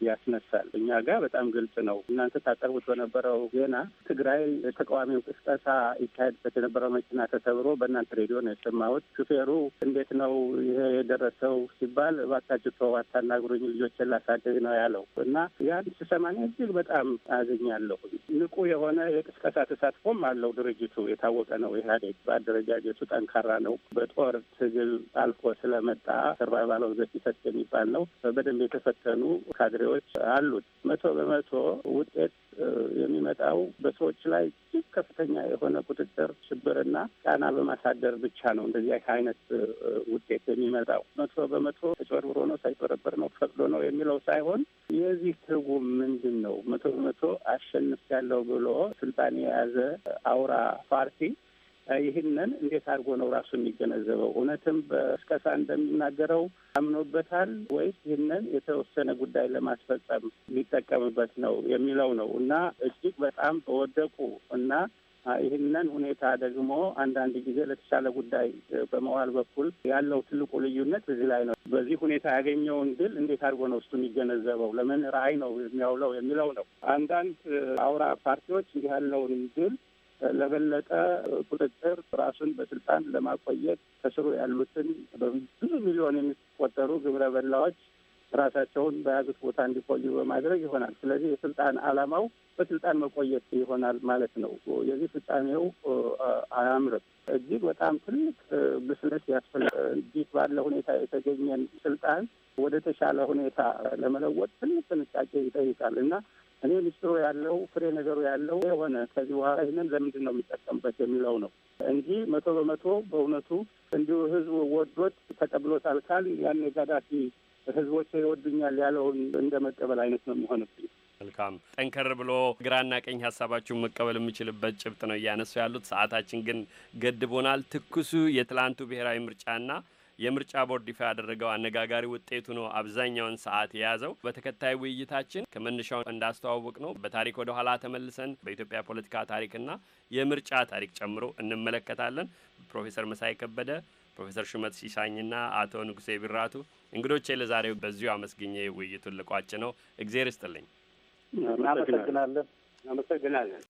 ያስነሳል። እኛ ጋር በጣም ግልጽ ነው። እናንተ ታቀርቡት በነበረው ዜና ትግራይ ተቃዋሚው ቅስቀሳ ይካሄድበት የነበረው መኪና ተሰብሮ በእናንተ ሬዲዮ ነው የሰማሁት። ሹፌሩ እንዴት ነው ይሄ የደረሰው ሲባል ባታጅቶ አታናግሩኝ፣ ልጆችን ላሳድግ ነው ያለው እና ያን ስሰማኝ እጅግ በጣም አዝኛለሁ። ንቁ የሆነ የቅስቀሳ ተሳትፎም አለው ድርጅቱ የታወቀ ነው። ኢህአዴግ በአደረጃጀቱ ጠንካራ ነው። በጦር ትግል አልፎ ስለመጣ ሰርቫይቫል የሚባለው ዘፊተት የሚባል ነው። በደንብ የተፈተኑ ካድሬዎች አሉት። መቶ በመቶ ውጤት የሚመጣው በሰዎች ላይ እጅግ ከፍተኛ የሆነ ቁጥጥር፣ ሽብርና ጫና በማሳደር ብቻ ነው እንደዚህ አይነት ውጤት የሚመጣው። መቶ በመቶ ተጭበርብሮ ነው ሳይጭበረበር ነው ፈቅዶ ነው የሚለው ሳይሆን የዚህ ትርጉም ምንድን ነው? መቶ በመቶ አሸንፍ ያለው ብሎ ስልጣን የያዘ አውራ ፓርቲ ይህንን እንዴት አድርጎ ነው ራሱ የሚገነዘበው? እውነትም በእስከሳ እንደሚናገረው አምኖበታል ወይስ ይህንን የተወሰነ ጉዳይ ለማስፈጸም ሊጠቀምበት ነው የሚለው ነው እና እጅግ በጣም በወደቁ እና ይህንን ሁኔታ ደግሞ አንዳንድ ጊዜ ለተሻለ ጉዳይ በመዋል በኩል ያለው ትልቁ ልዩነት እዚህ ላይ ነው። በዚህ ሁኔታ ያገኘውን ድል እንዴት አድርጎ ነው እሱ የሚገነዘበው? ለምን ራዕይ ነው የሚያውለው የሚለው ነው። አንዳንድ አውራ ፓርቲዎች እንዲህ ያለውን ድል ለበለጠ ቁጥጥር ራሱን በስልጣን ለማቆየት ከስሩ ያሉትን በብዙ ሚሊዮን የሚቆጠሩ ግብረ በላዎች ራሳቸውን በያዙት ቦታ እንዲቆዩ በማድረግ ይሆናል። ስለዚህ የስልጣን ዓላማው በስልጣን መቆየት ይሆናል ማለት ነው። የዚህ ፍጻሜው አያምርም። እጅግ በጣም ትልቅ ብስለት ያስፈልጋል። እንዲህ ባለ ሁኔታ የተገኘን ስልጣን ወደ ተሻለ ሁኔታ ለመለወጥ ትልቅ ጥንቃቄ ይጠይቃል እና እኔ ምስጢሩ ያለው ፍሬ ነገሩ ያለው የሆነ ከዚህ በኋላ ይህንን ለምንድን ነው የሚጠቀምበት የሚለው ነው እንጂ መቶ በመቶ በእውነቱ እንዲሁ ህዝቡ ወዶት ተቀብሎታል ካል ያን የጋዳፊ ህዝቦች ይወዱኛል ያለውን እንደ መቀበል አይነት ነው የሚሆንብኝ። መልካም ጠንከር ብሎ ግራና ቀኝ ሀሳባችሁን መቀበል የምችልበት ጭብጥ ነው እያነሱ ያሉት። ሰዓታችን ግን ገድቦናል። ትኩሱ የትላንቱ ብሔራዊ ምርጫና የምርጫ ቦርድ ይፋ ያደረገው አነጋጋሪ ውጤቱ ነው አብዛኛውን ሰዓት የያዘው። በተከታይ ውይይታችን ከመነሻው እንዳስተዋወቅ ነው በታሪክ ወደ ኋላ ተመልሰን በኢትዮጵያ ፖለቲካ ታሪክና የምርጫ ታሪክ ጨምሮ እንመለከታለን። ፕሮፌሰር መሳይ ከበደ፣ ፕሮፌሰር ሹመት ሲሳኝና አቶ ንጉሴ ቢራቱ እንግዶቼ ለዛሬው በዚሁ አመስግኜ ውይይቱን ልቋጭ ነው። እግዜር ይስጥልኝ። አመሰግናለን። አመሰግናለን።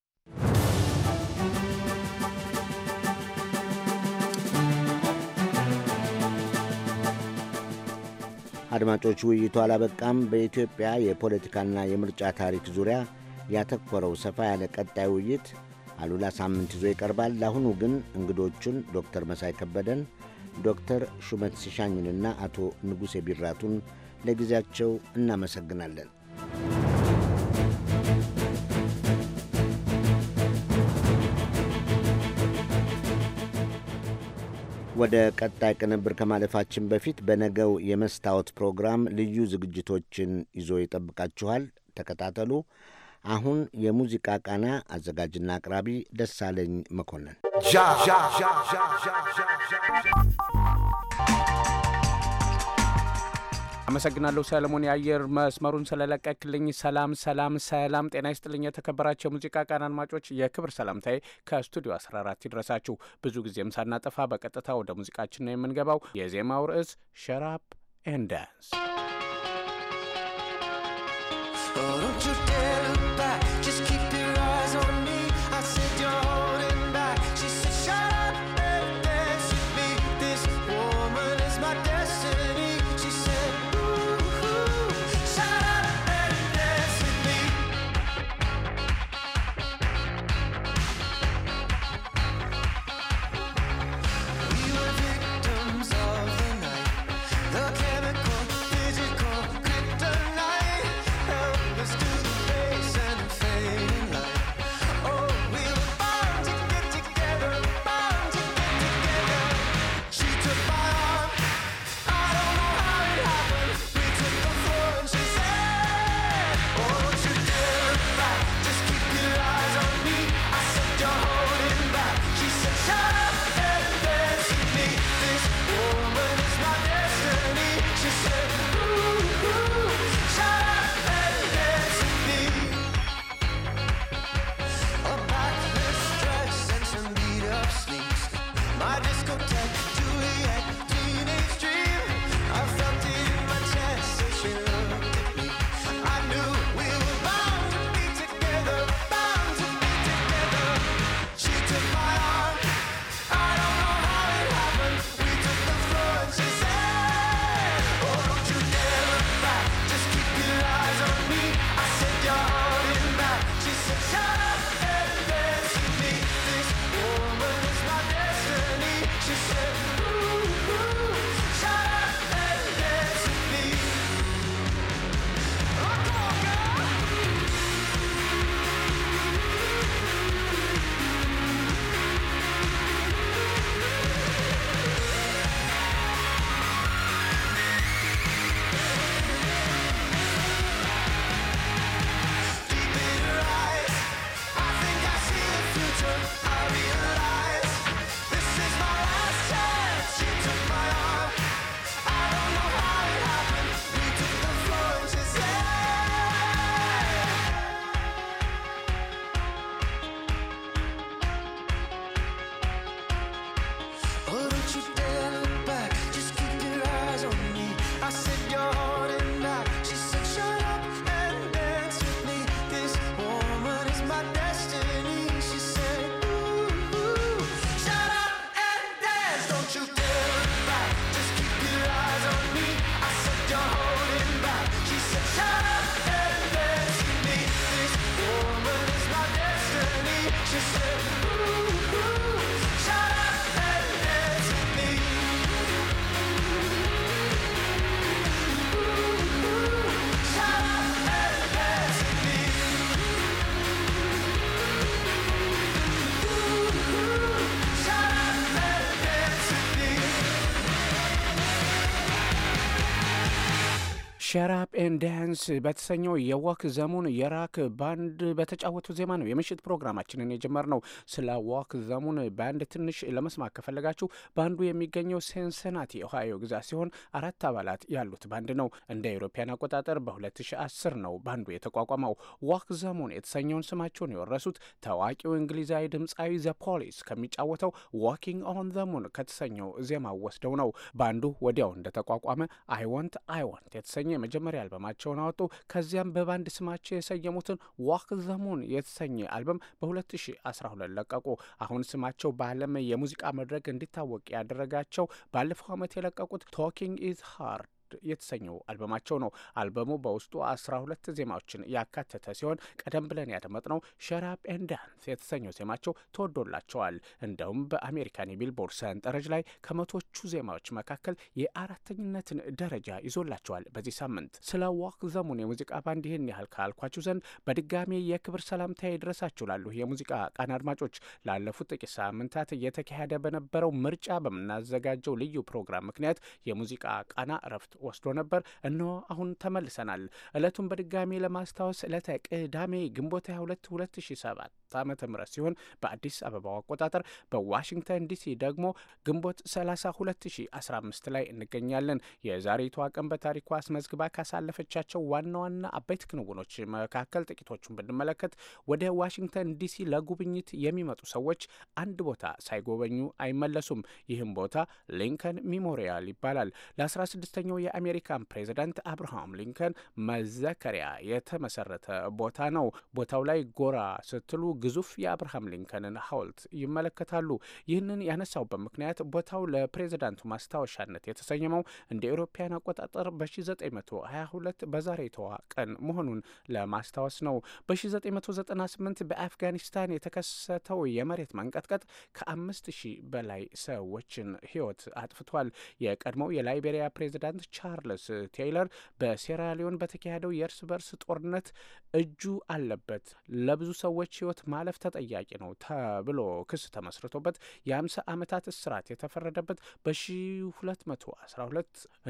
አድማጮች፣ ውይይቱ አላበቃም። በኢትዮጵያ የፖለቲካና የምርጫ ታሪክ ዙሪያ ያተኮረው ሰፋ ያለ ቀጣይ ውይይት አሉላ ሳምንት ይዞ ይቀርባል። ለአሁኑ ግን እንግዶቹን ዶክተር መሳይ ከበደን፣ ዶክተር ሹመት ሲሻኝንና አቶ ንጉሴ ቢራቱን ለጊዜያቸው እናመሰግናለን። ወደ ቀጣይ ቅንብር ከማለፋችን በፊት በነገው የመስታወት ፕሮግራም ልዩ ዝግጅቶችን ይዞ ይጠብቃችኋል። ተከታተሉ። አሁን የሙዚቃ ቃና አዘጋጅና አቅራቢ ደሳለኝ መኮንን አመሰግናለሁ ሰለሞን የአየር መስመሩን ስለለቀቅልኝ። ሰላም ሰላም ሰላም፣ ጤና ይስጥልኝ። የተከበራቸው የሙዚቃ ቃና አድማጮች የክብር ሰላምታዬ ከስቱዲዮ 14 ይድረሳችሁ። ብዙ ጊዜም ሳናጠፋ በቀጥታ ወደ ሙዚቃችን ነው የምንገባው። የዜማው ርዕስ ሸራፕ ኤንድ ዳንስ Shut up ዳንስ በተሰኘው የወክ ዘሙን የራክ ባንድ በተጫወቱ ዜማ ነው የምሽት ፕሮግራማችንን የጀመርነው። ስለ ወክ ዘሙን ባንድ ትንሽ ለመስማት ከፈለጋችሁ ባንዱ የሚገኘው ሴንሰናቲ ኦሃዮ ግዛት ሲሆን አራት አባላት ያሉት ባንድ ነው። እንደ አውሮፓውያን አቆጣጠር በ2010 ነው ባንዱ የተቋቋመው። ወክ ዘሙን የተሰኘውን ስማቸውን የወረሱት ታዋቂው እንግሊዛዊ ድምፃዊ ዘ ፖሊስ ከሚጫወተው ዋኪንግ ኦን ዘሙን ከተሰኘው ዜማ ወስደው ነው። ባንዱ ወዲያው እንደተቋቋመ አይወንት አይወንት የተሰኘ መጀመሪያ አልበማቸውን አወጡ። ከዚያም በባንድ ስማቸው የሰየሙትን ዋክ ዘሙን የተሰኘ አልበም በ2012 ለቀቁ። አሁን ስማቸው በዓለም የሙዚቃ መድረክ እንዲታወቅ ያደረጋቸው ባለፈው ዓመት የለቀቁት ቶኪንግ ኢዝ ሃርድ የተሰኘው አልበማቸው ነው። አልበሙ በውስጡ አስራ ሁለት ዜማዎችን ያካተተ ሲሆን ቀደም ብለን ያደመጥነው ሸራፕ ኤን ዳንስ የተሰኘው ዜማቸው ተወዶላቸዋል። እንደውም በአሜሪካን የቢልቦርድ ሰንጠረዥ ላይ ከመቶቹ ዜማዎች መካከል የአራተኝነትን ደረጃ ይዞላቸዋል። በዚህ ሳምንት ስለ ዋክ ዘሙን የሙዚቃ ባንድ ይህን ያህል ካልኳችሁ ዘንድ በድጋሜ የክብር ሰላምታ ይድረሳችሁ ላለሁ የሙዚቃ ቃና አድማጮች ላለፉት ጥቂት ሳምንታት እየተካሄደ በነበረው ምርጫ በምናዘጋጀው ልዩ ፕሮግራም ምክንያት የሙዚቃ ቃና እረፍት ወስዶ ነበር። እነሆ አሁን ተመልሰናል። ዕለቱን በድጋሚ ለማስታወስ ዕለተ ቅዳሜ ግንቦት 22 2007 ዓ ም ሲሆን በአዲስ አበባው አቆጣጠር፣ በዋሽንግተን ዲሲ ደግሞ ግንቦት 30 2015 ላይ እንገኛለን። የዛሬቷ ቀን በታሪኳ አስመዝግባ ካሳለፈቻቸው ዋና ዋና አበይት ክንውኖች መካከል ጥቂቶቹን ብንመለከት ወደ ዋሽንግተን ዲሲ ለጉብኝት የሚመጡ ሰዎች አንድ ቦታ ሳይጎበኙ አይመለሱም። ይህም ቦታ ሊንከን ሚሞሪያል ይባላል። ለ16ኛው የአሜሪካን ፕሬዚዳንት አብርሃም ሊንከን መዘከሪያ የተመሰረተ ቦታ ነው። ቦታው ላይ ጎራ ስትሉ ግዙፍ የአብርሃም ሊንከንን ሐውልት ይመለከታሉ። ይህንን ያነሳውበት ምክንያት ቦታው ለፕሬዚዳንቱ ማስታወሻነት የተሰየመው እንደ ኤሮፓያን አቆጣጠር በ1922 በዛሬዋ ቀን መሆኑን ለማስታወስ ነው። በ1998 በአፍጋኒስታን የተከሰተው የመሬት መንቀጥቀጥ ከአምስት ሺህ በላይ ሰዎችን ሕይወት አጥፍቷል። የቀድሞው የላይቤሪያ ፕሬዚዳንት ቻርልስ ቴይለር በሴራሊዮን በተካሄደው የእርስ በርስ ጦርነት እጁ አለበት፣ ለብዙ ሰዎች ህይወት ማለፍ ተጠያቂ ነው ተብሎ ክስ ተመስርቶበት የ50 ዓመታት እስራት የተፈረደበት በ1212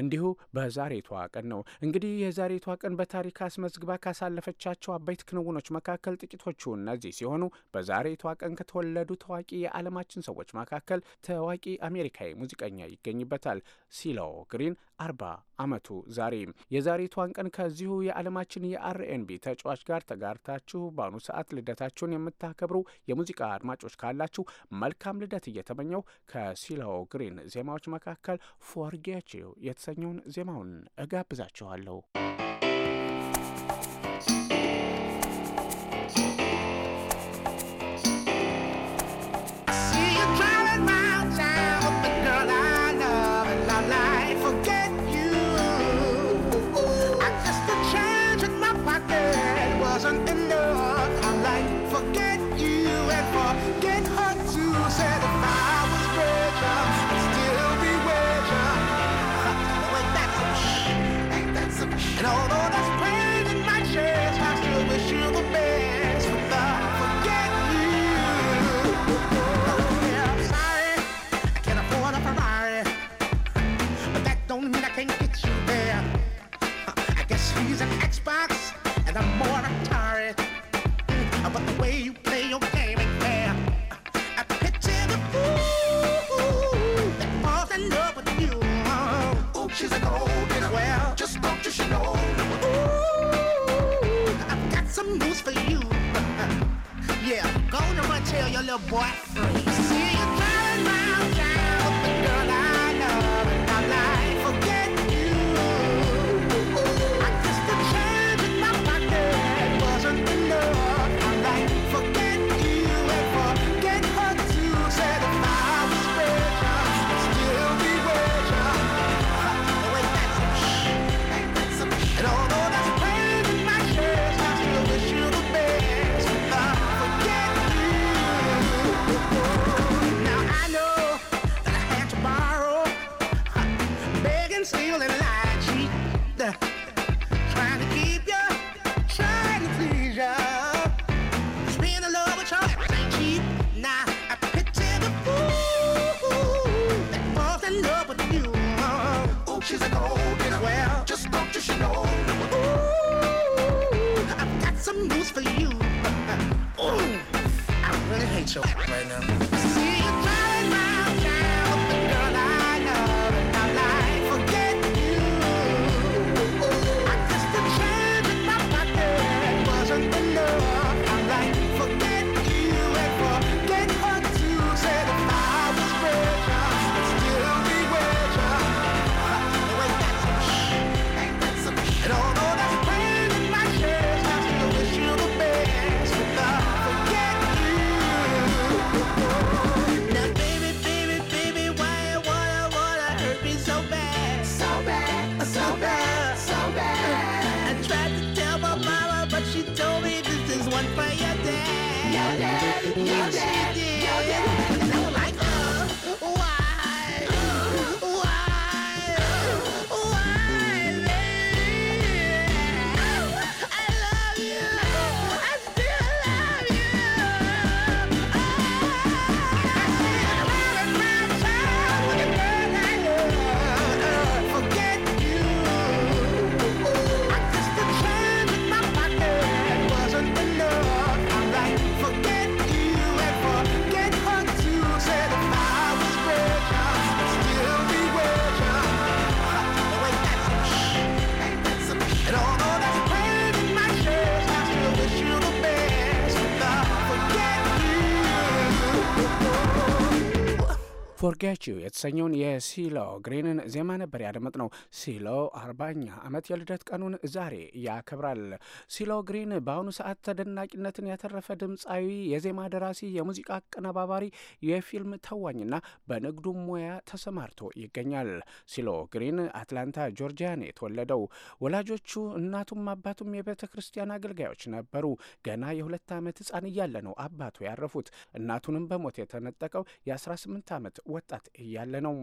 እንዲሁ በዛሬቷ ቀን ነው። እንግዲህ የዛሬቷ ቀን በታሪክ አስመዝግባ ካሳለፈቻቸው አበይት ክንውኖች መካከል ጥቂቶቹ እነዚህ ሲሆኑ በዛሬቷ ቀን ከተወለዱ ታዋቂ የዓለማችን ሰዎች መካከል ታዋቂ አሜሪካዊ ሙዚቀኛ ይገኝበታል። ሲሎ ግሪን አርባ አመቱ ዛሬ። የዛሬቷን ቀን ከዚሁ የዓለማችን የአርኤንቢ ተጫዋች ጋር ተጋርታችሁ በአሁኑ ሰዓት ልደታችሁን የምታከብሩ የሙዚቃ አድማጮች ካላችሁ መልካም ልደት እየተመኘው ከሲሎ ግሪን ዜማዎች መካከል ፎርጌት የተሰኘውን ዜማውን እጋብዛችኋለሁ። and I'm more tired. But the way you play your game fair. I the fool that falls in love with you. Ooh, she's Well, just you know. Ooh, I've got some news for you. yeah, go tell your little boy. your right now. ጌች የተሰኘውን የሲሎ ግሪንን ዜማ ነበር ያደመጥ ነው። ሲሎ አርባኛ ዓመት የልደት ቀኑን ዛሬ ያከብራል። ሲሎ ግሪን በአሁኑ ሰዓት ተደናቂነትን ያተረፈ ድምፃዊ፣ የዜማ ደራሲ፣ የሙዚቃ አቀነባባሪ፣ የፊልም ተዋኝና በንግዱ ሙያ ተሰማርቶ ይገኛል። ሲሎ ግሪን አትላንታ ጆርጂያን የተወለደው ወላጆቹ እናቱም አባቱም የቤተ ክርስቲያን አገልጋዮች ነበሩ። ገና የሁለት ዓመት ሕፃን እያለ ነው አባቱ ያረፉት። እናቱንም በሞት የተነጠቀው የ18 ዓመት ወጣ በመስጠት እያለ ነው።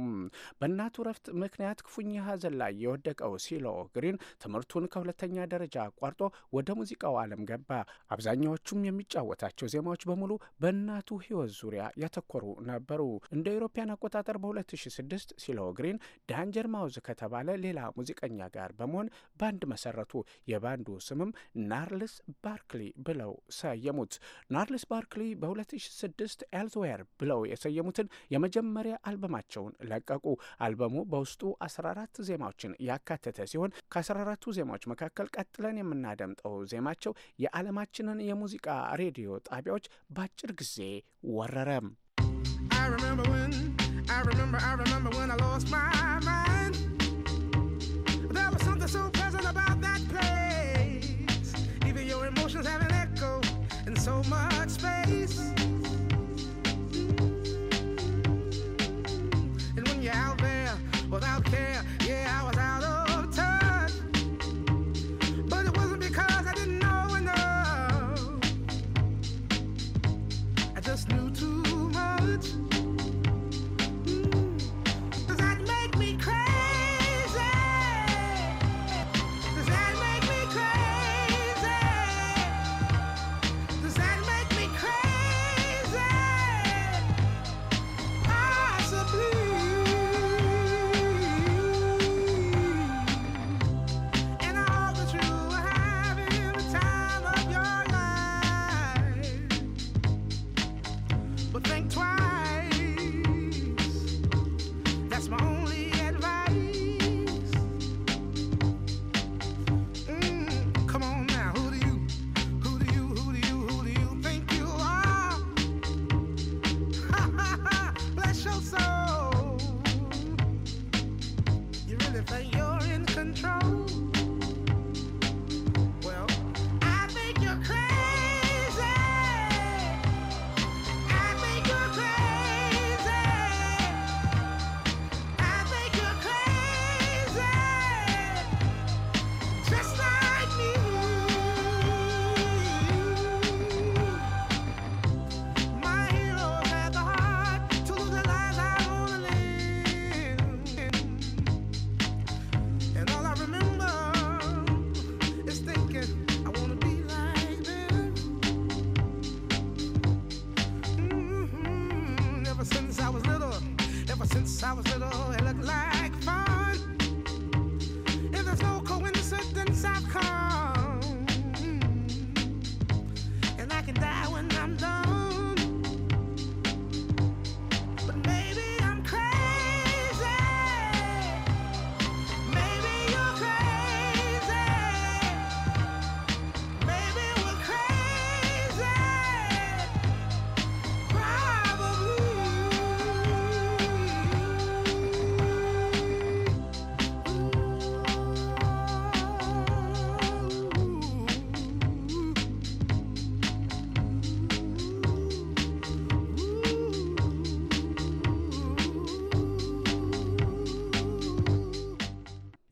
በእናቱ ረፍት ምክንያት ክፉኛ ሐዘን ላይ የወደቀው ሲሎ ግሪን ትምህርቱን ከሁለተኛ ደረጃ አቋርጦ ወደ ሙዚቃው ዓለም ገባ። አብዛኛዎቹም የሚጫወታቸው ዜማዎች በሙሉ በእናቱ ሕይወት ዙሪያ ያተኮሩ ነበሩ። እንደ አውሮፓውያን አቆጣጠር በ2006 ሲሎ ግሪን ዳንጀር ማውዝ ከተባለ ሌላ ሙዚቀኛ ጋር በመሆን ባንድ መሰረቱ። የባንዱ ስምም ናርልስ ባርክሊ ብለው ሰየሙት። ናርልስ ባርክሊ በ2006 ኤልዝዌር ብለው የሰየሙትን የመጀመሪያ አልበማቸውን ለቀቁ። አልበሙ በውስጡ 14 ዜማዎችን ያካተተ ሲሆን ከ14ቱ ዜማዎች መካከል ቀጥለን የምናደምጠው ዜማቸው የዓለማችንን የሙዚቃ ሬዲዮ ጣቢያዎች በአጭር ጊዜ ወረረም። Emotions have an echo in so much space.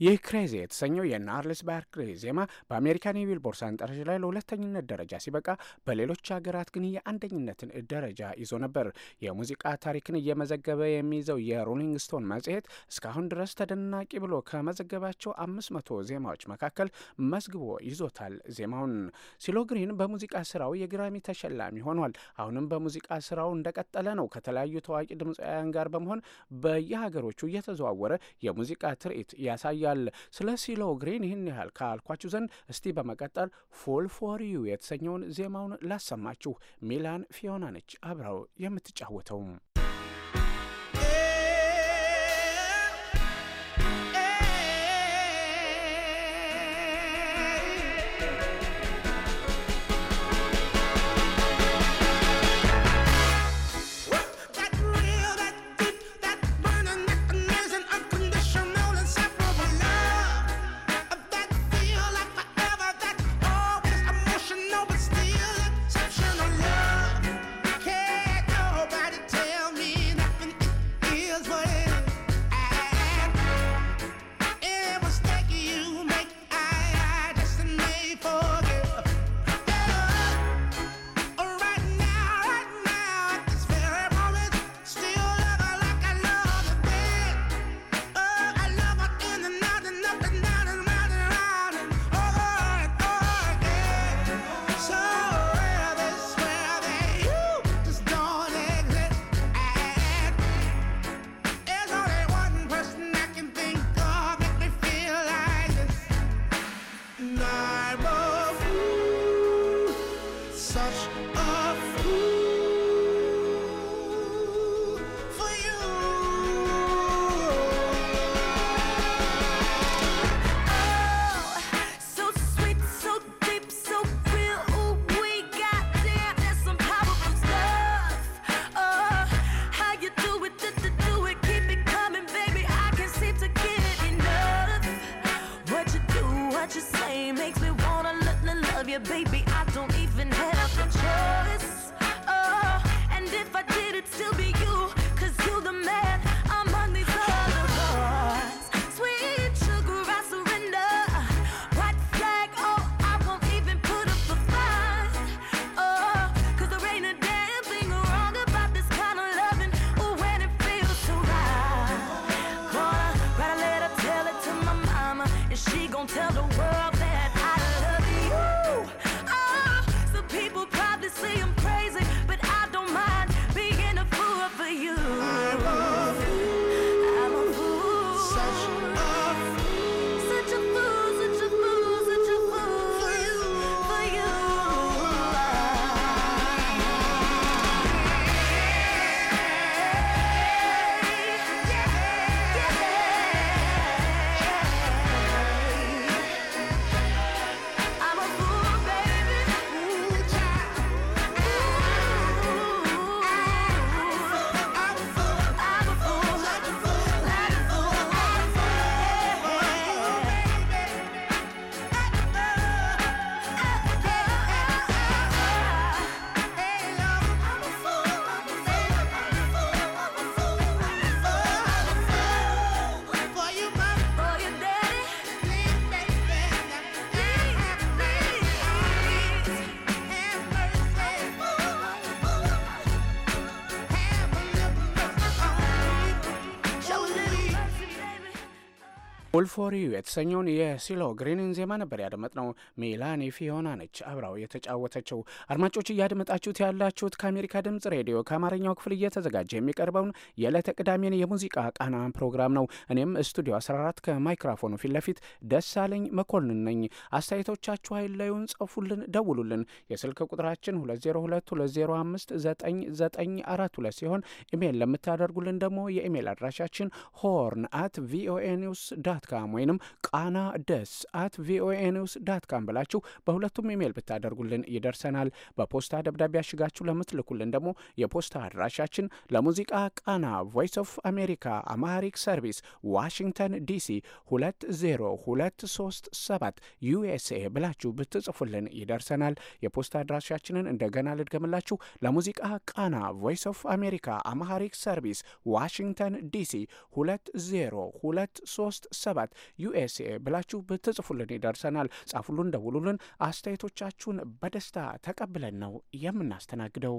यह ክሬዚ የተሰኘው የናርልስ ባርክሊ ዜማ በአሜሪካን የቢልቦርድ ሰንጠረዥ ላይ ለሁለተኝነት ደረጃ ሲበቃ በሌሎች ሀገራት ግን የአንደኝነትን ደረጃ ይዞ ነበር። የሙዚቃ ታሪክን እየመዘገበ የሚይዘው የሮሊንግ ስቶን መጽሔት እስካሁን ድረስ ተደናቂ ብሎ ከመዘገባቸው አምስት መቶ ዜማዎች መካከል መዝግቦ ይዞታል። ዜማውን ሲሎ ግሪን በሙዚቃ ስራው የግራሚ ተሸላሚ ሆኗል። አሁንም በሙዚቃ ስራው እንደቀጠለ ነው። ከተለያዩ ታዋቂ ድምፃውያን ጋር በመሆን በየሀገሮቹ እየተዘዋወረ የሙዚቃ ትርኢት ያሳያል። ስለ ሲሎ ግሪን ይህን ያህል ካልኳችሁ ዘንድ እስቲ በመቀጠል ፎል ፎር ዩ የተሰኘውን ዜማውን ላሰማችሁ። ሚላን ፊዮና ነች አብረው የምትጫወተው። tell the world. ፎር ዩ የተሰኘውን የሲሎ ግሪንን ዜማ ነበር ያደመጥነው። ሜላኒ ፊዮና ነች አብራው የተጫወተችው። አድማጮች እያደመጣችሁት ያላችሁት ከአሜሪካ ድምጽ ሬዲዮ ከአማርኛው ክፍል እየተዘጋጀ የሚቀርበውን የዕለተ ቅዳሜን የሙዚቃ ቃና ፕሮግራም ነው። እኔም ስቱዲዮ 14 ከማይክሮፎኑ ፊት ለፊት ደሳለኝ መኮንን ነኝ። አስተያየቶቻችሁ ኃይል ላዩን ጽፉልን፣ ደውሉልን። የስልክ ቁጥራችን 2022059942 ሲሆን ኢሜይል ለምታደርጉልን ደግሞ የኢሜይል አድራሻችን ሆርን አት ቪኦኤ ኒውስ ዳት ካም ቴሌግራም ወይንም ቃና ደስ አት ቪኦኤ ኒውስ ዳት ካም ብላችሁ በሁለቱም ኢሜይል ብታደርጉልን ይደርሰናል። በፖስታ ደብዳቤ ያሽጋችሁ ለምትልኩልን ደግሞ የፖስታ አድራሻችን ለሙዚቃ ቃና ቮይስ ኦፍ አሜሪካ አማሪክ ሰርቪስ ዋሽንግተን ዲሲ 20237 ዩኤስኤ ብላችሁ ብትጽፉልን ይደርሰናል። የፖስታ አድራሻችንን እንደገና ልድገምላችሁ። ለሙዚቃ ቃና ቮይስ ኦፍ አሜሪካ አማሪክ ሰርቪስ ዋሽንግተን ዲሲ 20237 ዩኤስኤ ብላችሁ ብትጽፉልን ይደርሰናል። ጻፉልን፣ ደውሉልን። አስተያየቶቻችሁን በደስታ ተቀብለን ነው የምናስተናግደው።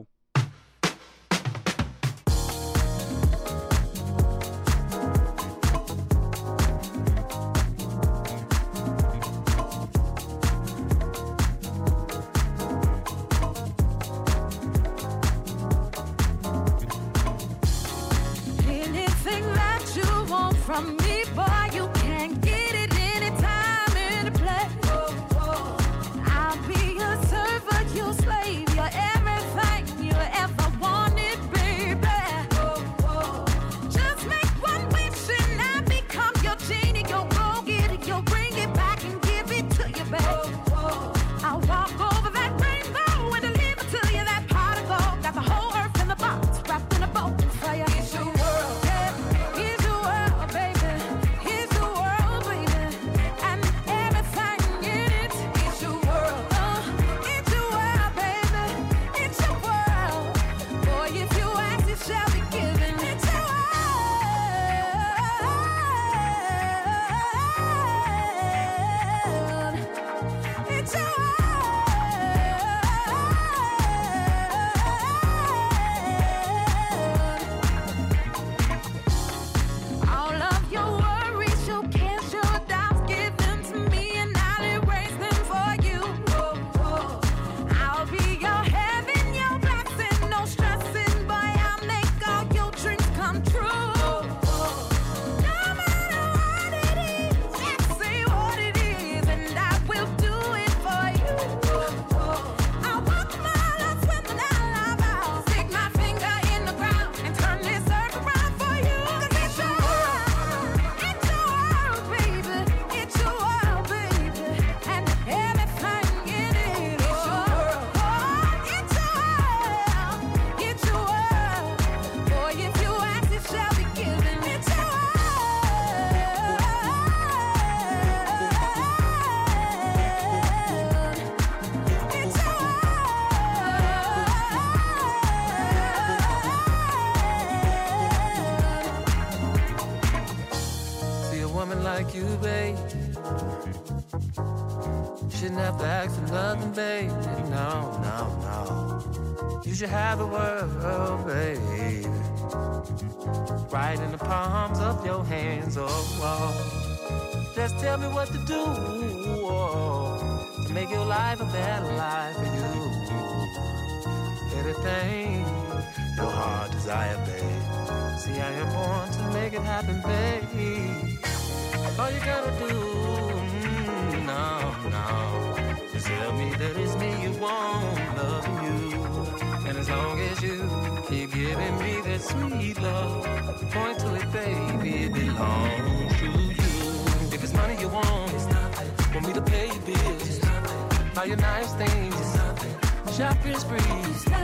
free love. Point to it, baby, it belongs to you. If it's money you want, it's nothing. Want me to pay your bills, it's nothing. Buy your nice things, it's nothing. Shopping spree, it's nothing.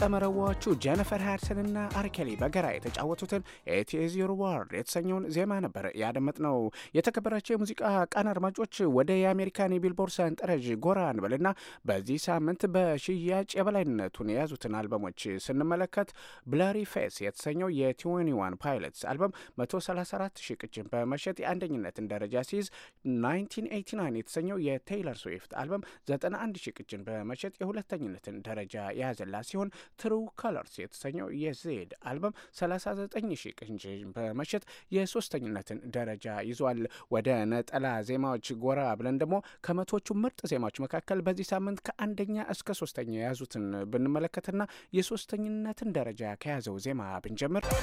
ድምፀ መረዋዎቹ ጀኒፈር ሃድሰን እና አርኬሊ በጋራ የተጫወቱትን ኤቲዝ ኢዝ የተሰኘውን ዜማ ነበር ነው። የተከበራቸው የሙዚቃ ቃን አድማጮች ወደ የአሜሪካን የቢልቦርድ ሰንጠረዥ ጎራ እንበልና በዚህ ሳምንት በሽያጭ የበላይነቱን የያዙትን አልበሞች ስንመለከት ብለሪ ፌስ የተሰኘው የ21 ፓይለትስ አልበም 134 ሺ ቅጅን በመሸጥ የአንደኝነትን ደረጃ ሲይዝ 1989 የተሰኘው የቴይለር ስዊፍት አልበም 91 ሺ ቅጅን በመሸጥ የሁለተኝነትን ደረጃ የያዘላ ሲሆን ትሩ ከለርስ የተሰኘው የዜድ አልበም 39 ሺህ ቅንጅ በመሸጥ የሶስተኝነትን ደረጃ ይዟል። ወደ ነጠላ ዜማዎች ጎራ ብለን ደግሞ ከመቶቹ ምርጥ ዜማዎች መካከል በዚህ ሳምንት ከአንደኛ እስከ ሶስተኛ የያዙትን ብንመለከትና የሶስተኝነትን ደረጃ ከያዘው ዜማ ብንጀምር oh,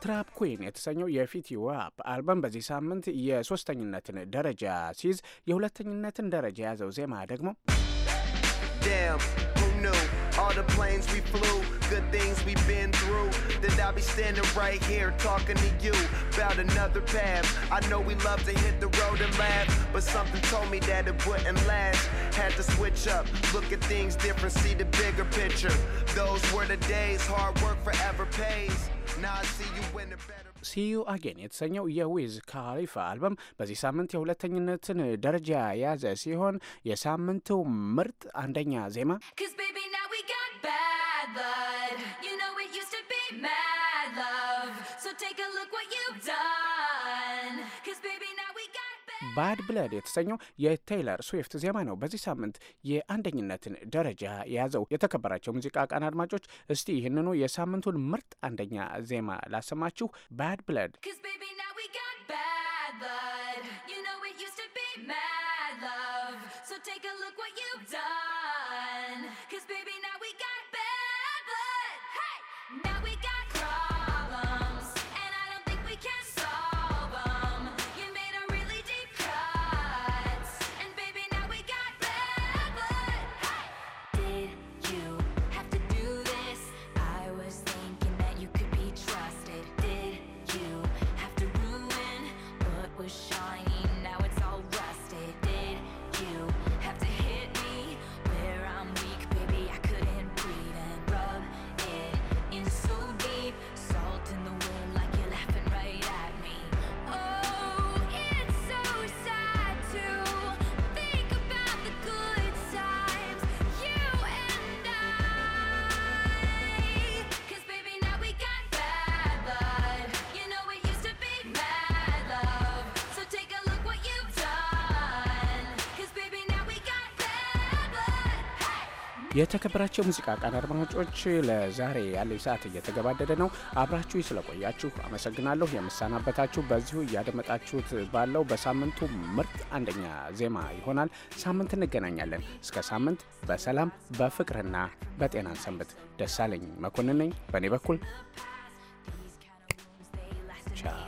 Trap queen, it's you up. I'm ትራፕ ኩን የተሰኘው የፊቲ ዋፕ አልበም በዚህ ሳምንት የሶስተኝነትን ደረጃ ሲይዝ የሁለተኝነትን ደረጃ የያዘው ዜማ ደግሞ All the planes we flew, good things we've been through. Then I'll be standing right here talking to you about another path. I know we love to hit the road and laugh, but something told me that it wouldn't last. Had to switch up, look at things different, see the bigger picture. Those were the days, hard work forever pays. ሲዩ አጌን የተሰኘው የዊዝ ካሊፋ አልበም በዚህ ሳምንት የሁለተኝነትን ደረጃ የያዘ ሲሆን የሳምንቱ ምርጥ አንደኛ ዜማ take a look what you've done. ባድ ብለድ የተሰኘው የቴይለር ስዊፍት ዜማ ነው በዚህ ሳምንት የአንደኝነትን ደረጃ የያዘው። የተከበራቸው ሙዚቃ ቃና አድማጮች፣ እስቲ ይህንኑ የሳምንቱን ምርጥ አንደኛ ዜማ ላሰማችሁ። ባድ ብለድ Take a look what you've done. የተከበራቸው ሙዚቃ ቃን አድማጮች ለዛሬ ያለኝ ሰዓት እየተገባደደ ነው። አብራችሁ ስለቆያችሁ አመሰግናለሁ። የምሰናበታችሁ በዚሁ እያደመጣችሁት ባለው በሳምንቱ ምርጥ አንደኛ ዜማ ይሆናል። ሳምንት እንገናኛለን። እስከ ሳምንት በሰላም በፍቅርና በጤናን ሰንብት። ደሳለኝ መኮንን ነኝ በእኔ በኩል ቻው።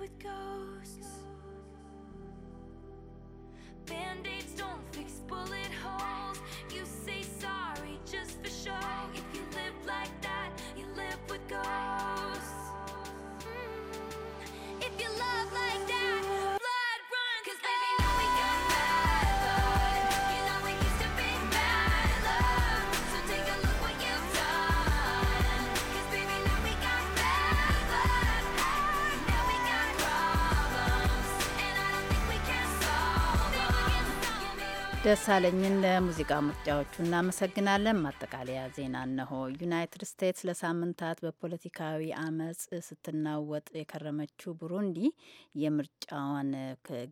with ghosts. Band-aids don't ደሳለኝን ለሙዚቃ ምርጫዎቹ እናመሰግናለን። ማጠቃለያ ዜና እነሆ። ዩናይትድ ስቴትስ ለሳምንታት በፖለቲካዊ አመፅ ስትናወጥ የከረመችው ቡሩንዲ የምርጫዋን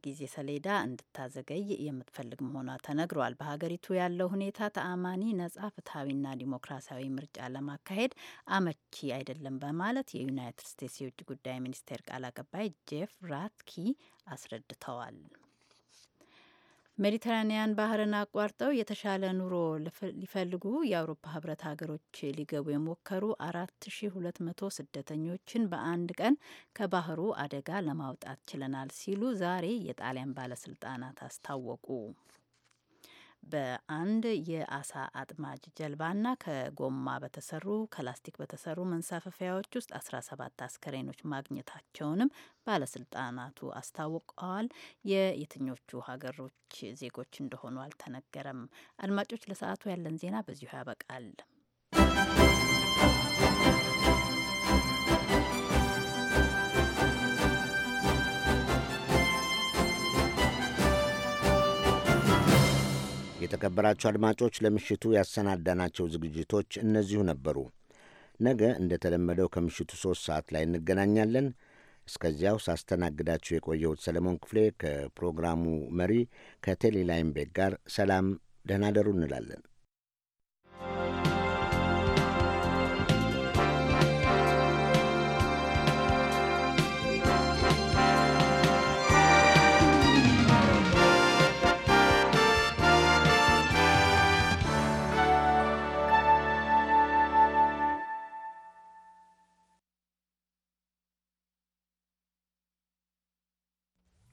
ጊዜ ሰሌዳ እንድታዘገይ የምትፈልግ መሆኗ ተነግሯል። በሀገሪቱ ያለው ሁኔታ ተአማኒ፣ ነጻ፣ ፍትሐዊና ዲሞክራሲያዊ ምርጫ ለማካሄድ አመቺ አይደለም በማለት የዩናይትድ ስቴትስ የውጭ ጉዳይ ሚኒስቴር ቃል አቀባይ ጄፍ ራትኪ አስረድተዋል። ሜዲተራኒያን ባህርን አቋርጠው የተሻለ ኑሮ ሊፈልጉ የአውሮፓ ህብረት ሀገሮች ሊገቡ የሞከሩ መቶ ስደተኞችን በአንድ ቀን ከባህሩ አደጋ ለማውጣት ችለናል ሲሉ ዛሬ የጣሊያን ባለስልጣናት አስታወቁ። በአንድ የአሳ አጥማጅ ጀልባና ከጎማ በተሰሩ ከላስቲክ በተሰሩ መንሳፈፊያዎች ውስጥ ሰባት አስከሬኖች ማግኘታቸውንም ባለስልጣናቱ አስታውቀዋል። የየትኞቹ ሀገሮች ዜጎች እንደሆኑ አልተነገረም። አድማጮች፣ ለሰዓቱ ያለን ዜና በዚሁ ያበቃል። የተከበራችሁ አድማጮች ለምሽቱ ያሰናዳናቸው ዝግጅቶች እነዚሁ ነበሩ። ነገ እንደተለመደው ከምሽቱ ሦስት ሰዓት ላይ እንገናኛለን። እስከዚያው ሳስተናግዳችሁ የቆየሁት ሰለሞን ክፍሌ ከፕሮግራሙ መሪ ከቴሌ ጋር ሰላም፣ ደህና ደሩ እንላለን።